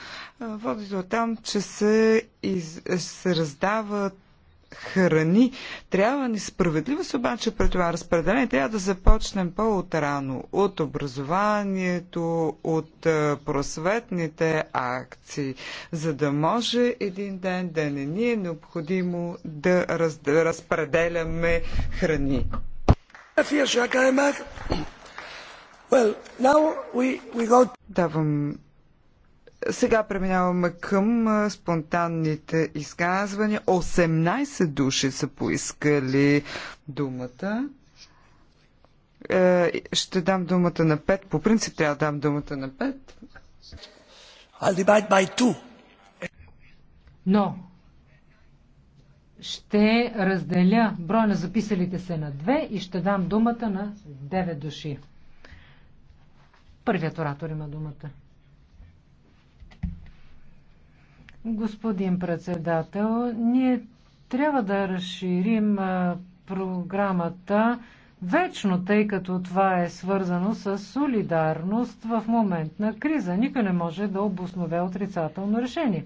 води до там, че се, из, се раздават храни. Трябва ни справедливост обаче при това разпределение. Трябва да започнем по-отрано от образованието, от просветните акции, за да може един ден да не ни е необходимо да раз, да разпределяме храни. Давам. Сега преминаваме към спонтанните изказвания. 18 души са поискали думата. Е, ще дам думата на 5. По принцип трябва да дам думата на 5. I'll divide by two. Но ще разделя броя на записалите се на две и ще дам думата на девет души. Първият оратор има думата. Господин председател, ние трябва да разширим програмата вечно, тъй като това е свързано с солидарност в момент на криза. Никой не може да обоснове отрицателно решение.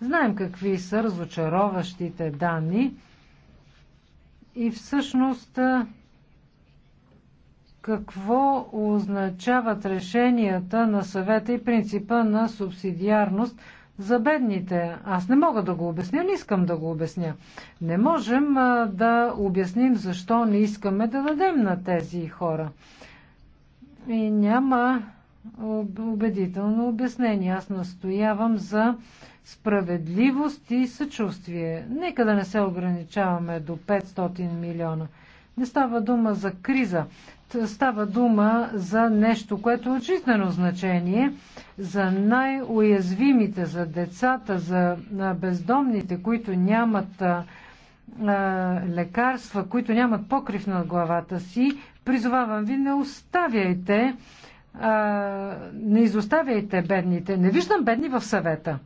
Знаем какви са разочароващите данни и всъщност какво означават решенията на съвета и принципа на субсидиарност – за бедните. Аз не мога да го обясня, не искам да го обясня. Не можем да обясним защо не искаме да дадем на тези хора. И няма убедително обяснение. Аз настоявам за справедливост и съчувствие. Нека да не се ограничаваме до 500 милиона. Не става дума за криза става дума за нещо, което е от жизнено значение за най-уязвимите, за децата, за бездомните, които нямат лекарства, които нямат покрив над главата си. Призовавам ви, не оставяйте, не изоставяйте бедните. Не виждам бедни в съвета.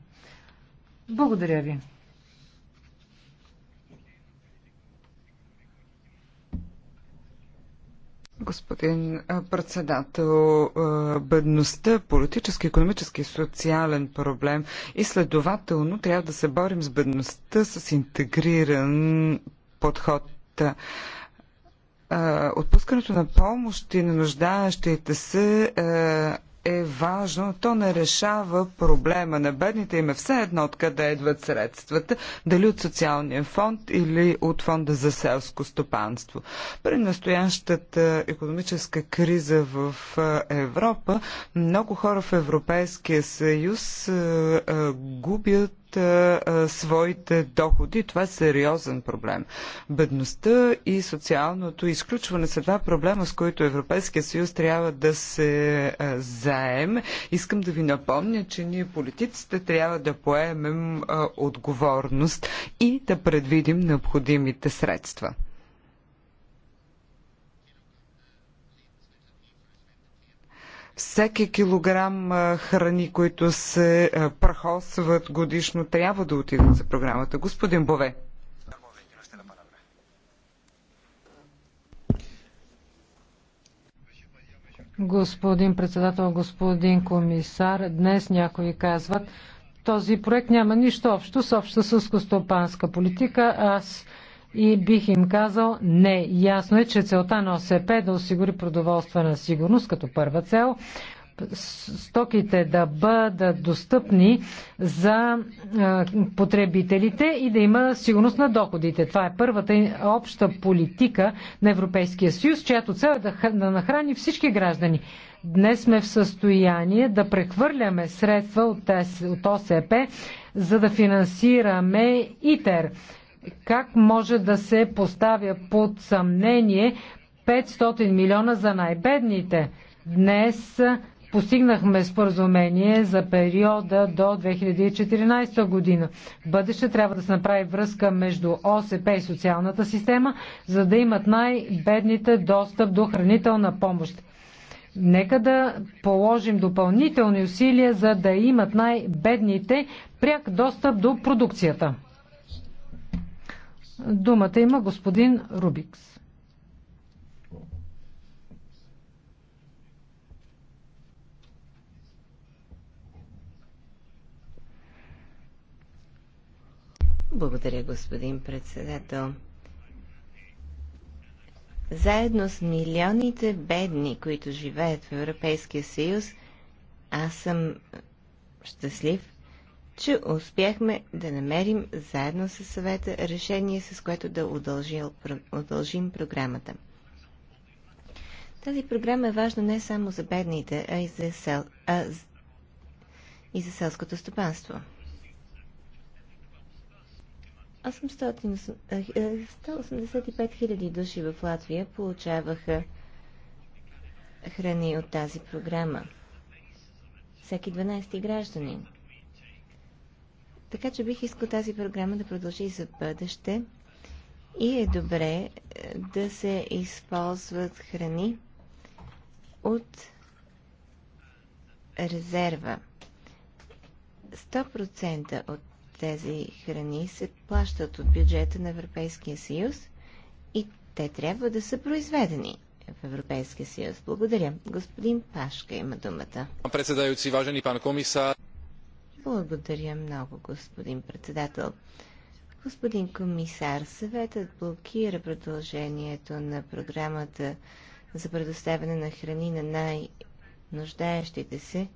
Благодаря ви. Господин председател, бедността, политически, економически и социален проблем и следователно трябва да се борим с бедността с интегриран подход. Отпускането на помощи на нуждаещите се е важно. То не решава проблема на бедните. Им е все едно откъде идват средствата, дали от социалния фонд или от фонда за селско стопанство. При настоящата економическа криза в Европа, много хора в Европейския съюз губят намалят своите доходи. Това е сериозен проблем. Бедността и социалното изключване са два проблема, с които Европейския съюз трябва да се заеме. Искам да ви напомня, че ние политиците трябва да поемем отговорност и да предвидим необходимите средства. Всеки килограм храни, които се прахосват годишно, трябва да отидат за програмата. Господин Бове. Господин председател, господин комисар, днес някои казват, този проект няма нищо общо с обща сълскостопанска политика. Аз и бих им казал, не, ясно е, че целта на ОСП е да осигури продоволствена сигурност като първа цел, стоките да бъдат достъпни за потребителите и да има сигурност на доходите. Това е първата обща политика на Европейския съюз, чиято цел е да нахрани всички граждани. Днес сме в състояние да прехвърляме средства от ОСП, за да финансираме ИТЕР как може да се поставя под съмнение 500 милиона за най-бедните. Днес постигнахме споразумение за периода до 2014 година. В бъдеще трябва да се направи връзка между ОСП и социалната система, за да имат най-бедните достъп до хранителна помощ. Нека да положим допълнителни усилия, за да имат най-бедните пряк достъп до продукцията. Думата има господин Рубикс. Благодаря, господин председател. Заедно с милионите бедни, които живеят в Европейския съюз, аз съм щастлив, че успяхме да намерим заедно с съвета решение, с което да удължим програмата. Тази програма е важна не само за бедните, а и за, сел, а, и за селското стопанство. 185 000 души в Латвия получаваха храни от тази програма. Всеки 12 гражданин. Така че бих искал тази програма да продължи и за бъдеще. И е добре е, да се използват храни от резерва. 100% от тези храни се плащат от бюджета на Европейския съюз и те трябва да са произведени в Европейския съюз. Благодаря. Господин Пашка има думата. Председаюци, важен пан комисар. Благодаря много, господин председател. Господин комисар, съветът блокира продължението на програмата за предоставяне на храни на най-нуждаещите се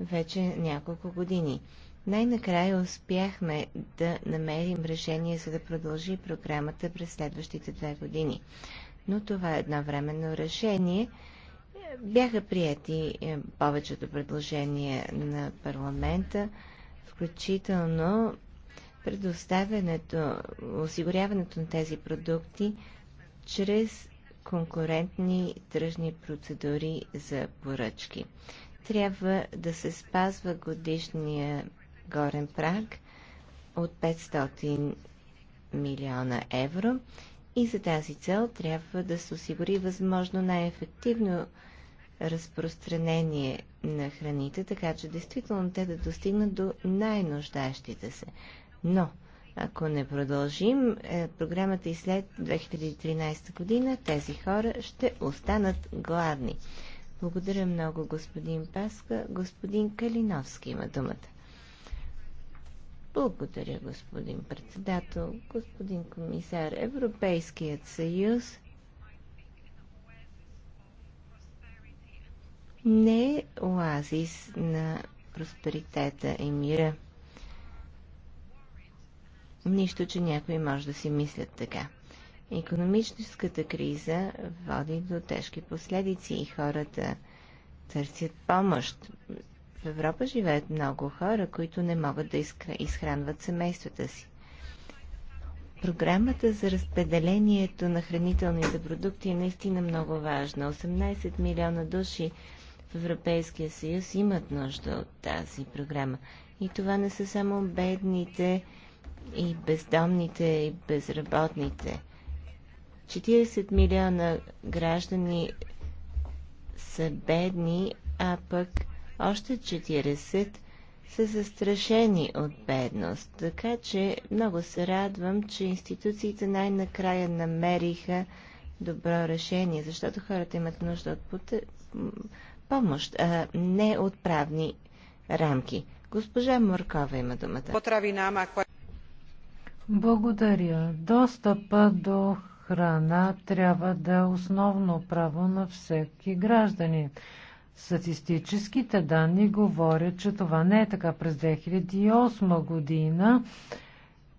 вече няколко години. Най-накрая успяхме да намерим решение, за да продължи програмата през следващите две години. Но това е едно временно решение. Бяха прияти е, повечето предложения на парламента включително предоставянето, осигуряването на тези продукти чрез конкурентни тръжни процедури за поръчки. Трябва да се спазва годишния горен праг от 500 милиона евро и за тази цел трябва да се осигури възможно най-ефективно разпространение на храните, така че действително те да достигнат до най-нуждащите се. Но, ако не продължим е, програмата и след 2013 година, тези хора ще останат гладни. Благодаря много, господин Паска. Господин Калиновски има думата. Благодаря, господин председател, господин комисар. Европейският съюз не е оазис на просперитета и мира. Нищо, че някои може да си мислят така. Економическата криза води до тежки последици и хората търсят помощ. В Европа живеят много хора, които не могат да изхранват семействата си. Програмата за разпределението на хранителните продукти е наистина много важна. 18 милиона души в Европейския съюз имат нужда от тази програма. И това не са само бедните и бездомните и безработните. 40 милиона граждани са бедни, а пък още 40 са застрашени от бедност. Така че много се радвам, че институциите най-накрая намериха добро решение, защото хората имат нужда от помощ, а не от правни рамки. Госпожа Моркова има думата. Благодаря. Достъпа до храна трябва да е основно право на всеки гражданин. Статистическите данни говорят, че това не е така. През 2008 година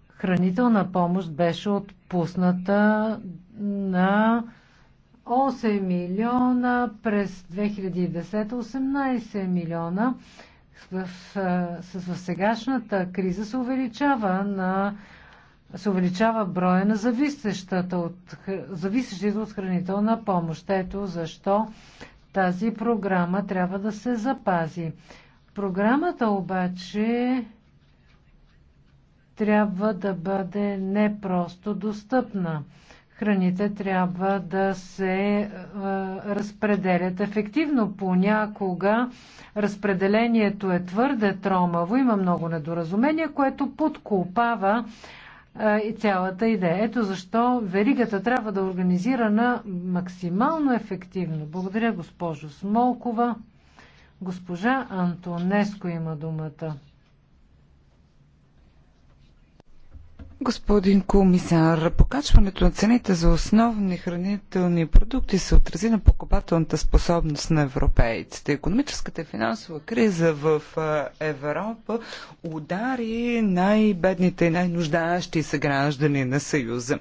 хранителна помощ беше отпусната на 8 милиона, през 2010-18 милиона. В, с, в сегашната криза се увеличава на се увеличава броя на зависещата от, зависещите от хранителна помощ. Ето защо тази програма трябва да се запази. Програмата обаче трябва да бъде не просто достъпна храните трябва да се е, разпределят ефективно. Понякога разпределението е твърде тромаво, има много недоразумения, което подкопава е, и цялата идея. Ето защо веригата трябва да е организирана максимално ефективно. Благодаря госпожо Смолкова. Госпожа Антонеско има думата. Господин комисар, покачването на цените за основни хранителни продукти се отрази на покупателната способност на европейците. Економическата и финансова криза в Европа удари най-бедните и най-нуждаещи се граждани на Съюза.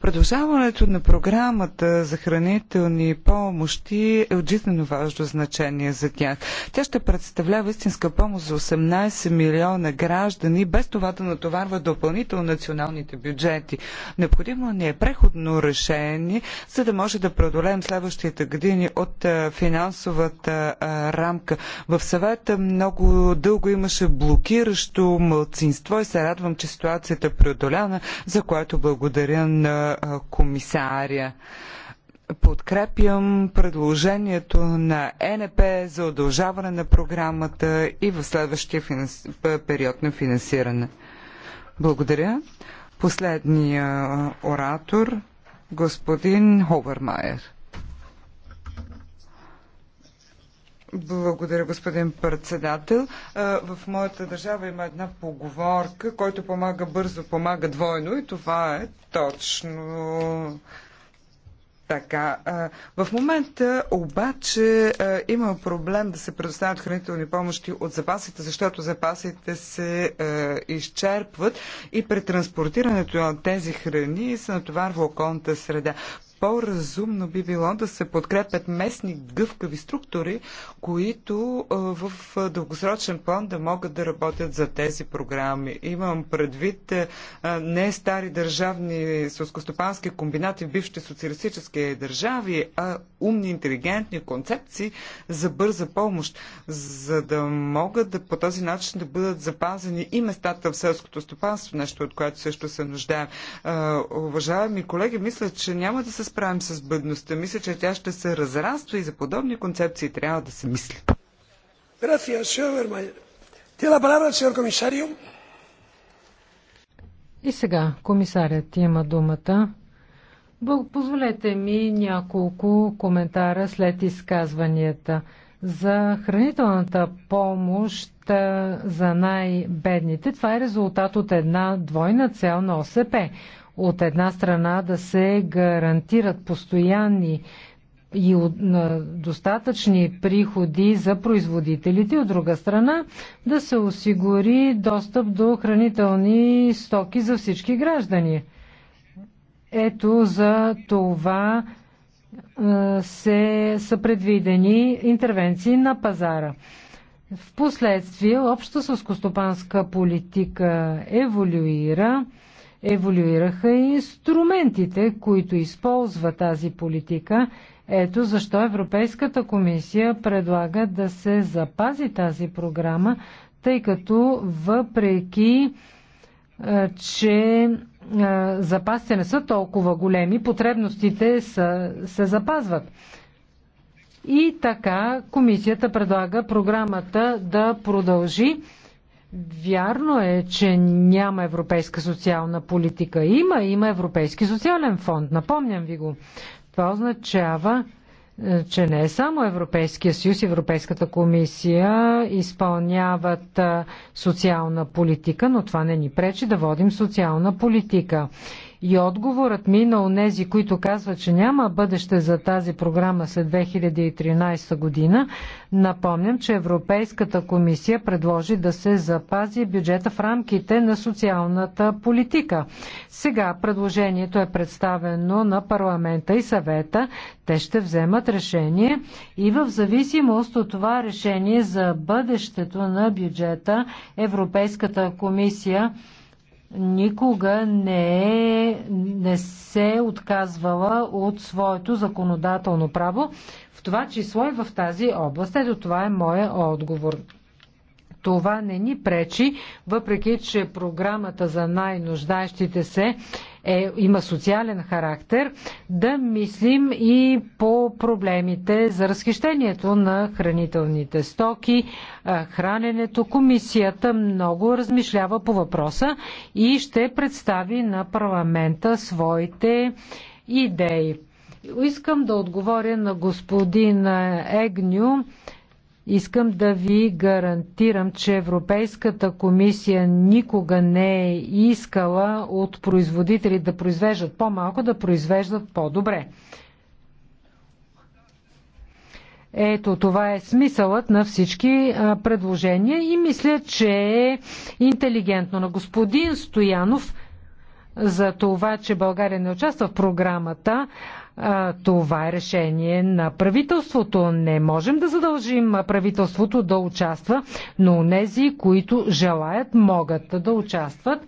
Продължаването на програмата за хранителни помощи е от жизнено важно значение за тях. Тя ще представлява истинска помощ за 18 милиона граждани, без това да натоварва допълнително национално националните бюджети. Необходимо ни е преходно решение, за да може да преодолеем следващите години от финансовата рамка. В съвета много дълго имаше блокиращо мълцинство и се радвам, че ситуацията е преодоляна, за което благодаря на комисаря подкрепям предложението на ЕНП за удължаване на програмата и в следващия период на финансиране. Благодаря. Последния оратор, господин Ховермайер. Благодаря, господин председател. В моята държава има една поговорка, който помага бързо, помага двойно и това е точно така. В момента обаче има проблем да се предоставят хранителни помощи от запасите, защото запасите се изчерпват и при транспортирането на тези храни се натоварва околната среда по-разумно би било да се подкрепят местни гъвкави структури, които в дългосрочен план да могат да работят за тези програми. Имам предвид не стари държавни сълскостопански комбинати в бившите социалистически държави, а умни, интелигентни концепции за бърза помощ, за да могат да, по този начин да бъдат запазени и местата в селското стопанство, нещо от което също се нуждаем. Уважаеми колеги, мисля, че няма да се справим с бъдността. Мисля, че тя ще се разраства и за подобни концепции трябва да се мисли. И сега комисарят има думата. Позволете ми няколко коментара след изказванията за хранителната помощ за най-бедните. Това е резултат от една двойна цел на ОСП. От една страна да се гарантират постоянни и достатъчни приходи за производителите, от друга страна да се осигури достъп до хранителни стоки за всички граждани. Ето за това се, са предвидени интервенции на пазара. Впоследствие обща сълскостопанска политика еволюира еволюираха и инструментите, които използва тази политика. Ето защо Европейската комисия предлага да се запази тази програма, тъй като въпреки, че запасите не са толкова големи, потребностите са, се запазват. И така комисията предлага програмата да продължи Вярно е, че няма европейска социална политика. Има, има Европейски социален фонд. Напомням ви го. Това означава, е, че не е само Европейския съюз, Европейската комисия изпълняват е, социална политика, но това не ни пречи да водим социална политика. И отговорът ми на онези, които казват, че няма бъдеще за тази програма след 2013 година, напомням, че Европейската комисия предложи да се запази бюджета в рамките на социалната политика. Сега предложението е представено на парламента и съвета. Те ще вземат решение и в зависимост от това решение за бъдещето на бюджета Европейската комисия никога не, е, не се е отказвала от своето законодателно право, в това число и в тази област. Ето това е моя отговор. Това не ни пречи, въпреки че програмата за най-нуждащите се е, има социален характер, да мислим и по проблемите за разхищението на хранителните стоки, храненето. Комисията много размишлява по въпроса и ще представи на парламента своите идеи. Искам да отговоря на господин Егню Искам да ви гарантирам, че Европейската комисия никога не е искала от производители да произвеждат по-малко, да произвеждат по-добре. Ето това е смисълът на всички а, предложения и мисля, че е интелигентно на господин Стоянов за това, че България не участва в програмата, а, това е решение на правителството. Не можем да задължим правителството да участва, но нези, които желаят, могат да участват.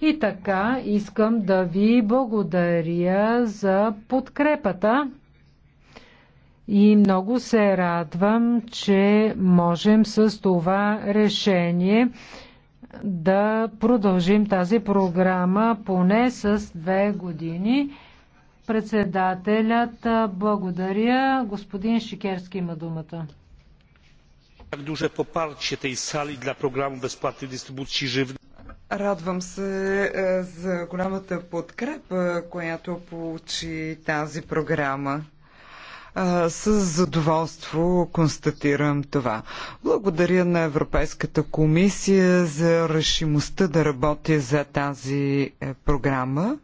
И така искам да ви благодаря за подкрепата. И много се радвам, че можем с това решение да продължим тази програма поне с две години. Председателят, благодаря. Господин Шикерски има думата. Радвам се е, за голямата подкрепа, която получи тази програма. Е, с задоволство констатирам това. Благодаря на Европейската комисия за решимостта да работи за тази е, програма.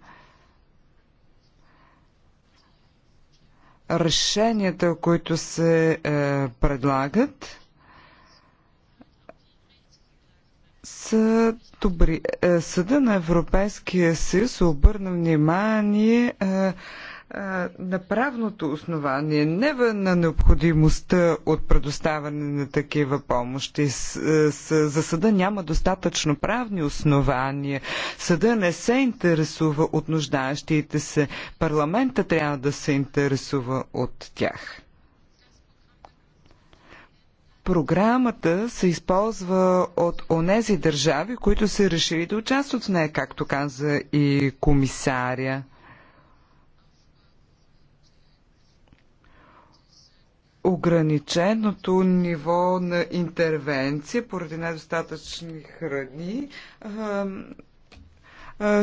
решенията, които се е, предлагат, са добри. Е, Съда на Европейския съюз обърна внимание е, на правното основание, не на необходимостта от предоставяне на такива помощи. За съда няма достатъчно правни основания. Съда не се интересува от нуждаещите се. Парламента трябва да се интересува от тях. Програмата се използва от онези държави, които са решили да участват в нея, както каза и комисаря. ограниченото ниво на интервенция поради недостатъчни храни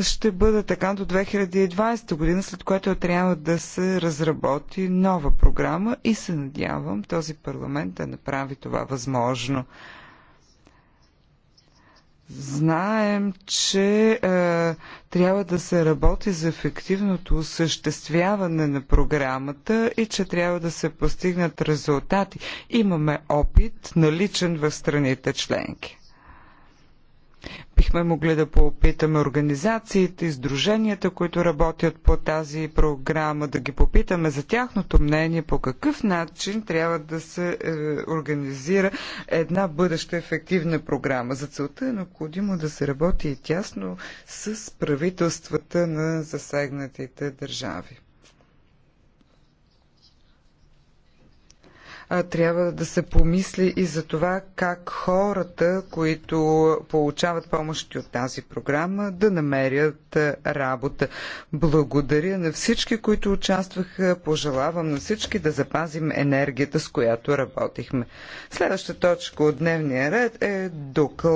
ще бъде така до 2020 година, след което трябва да се разработи нова програма и се надявам този парламент да направи това възможно. Знаем, че е, трябва да се работи за ефективното осъществяване на програмата и че трябва да се постигнат резултати. Имаме опит наличен в страните членки. Бихме могли да попитаме организациите, издруженията, които работят по тази програма, да ги попитаме за тяхното мнение по какъв начин трябва да се е, организира една бъдеща ефективна програма. За целта е необходимо да се работи и тясно с правителствата на засегнатите държави. трябва да се помисли и за това как хората, които получават помощи от тази програма, да намерят работа. Благодаря на всички, които участваха. Пожелавам на всички да запазим енергията, с която работихме. Следваща точка от дневния ред е доклад.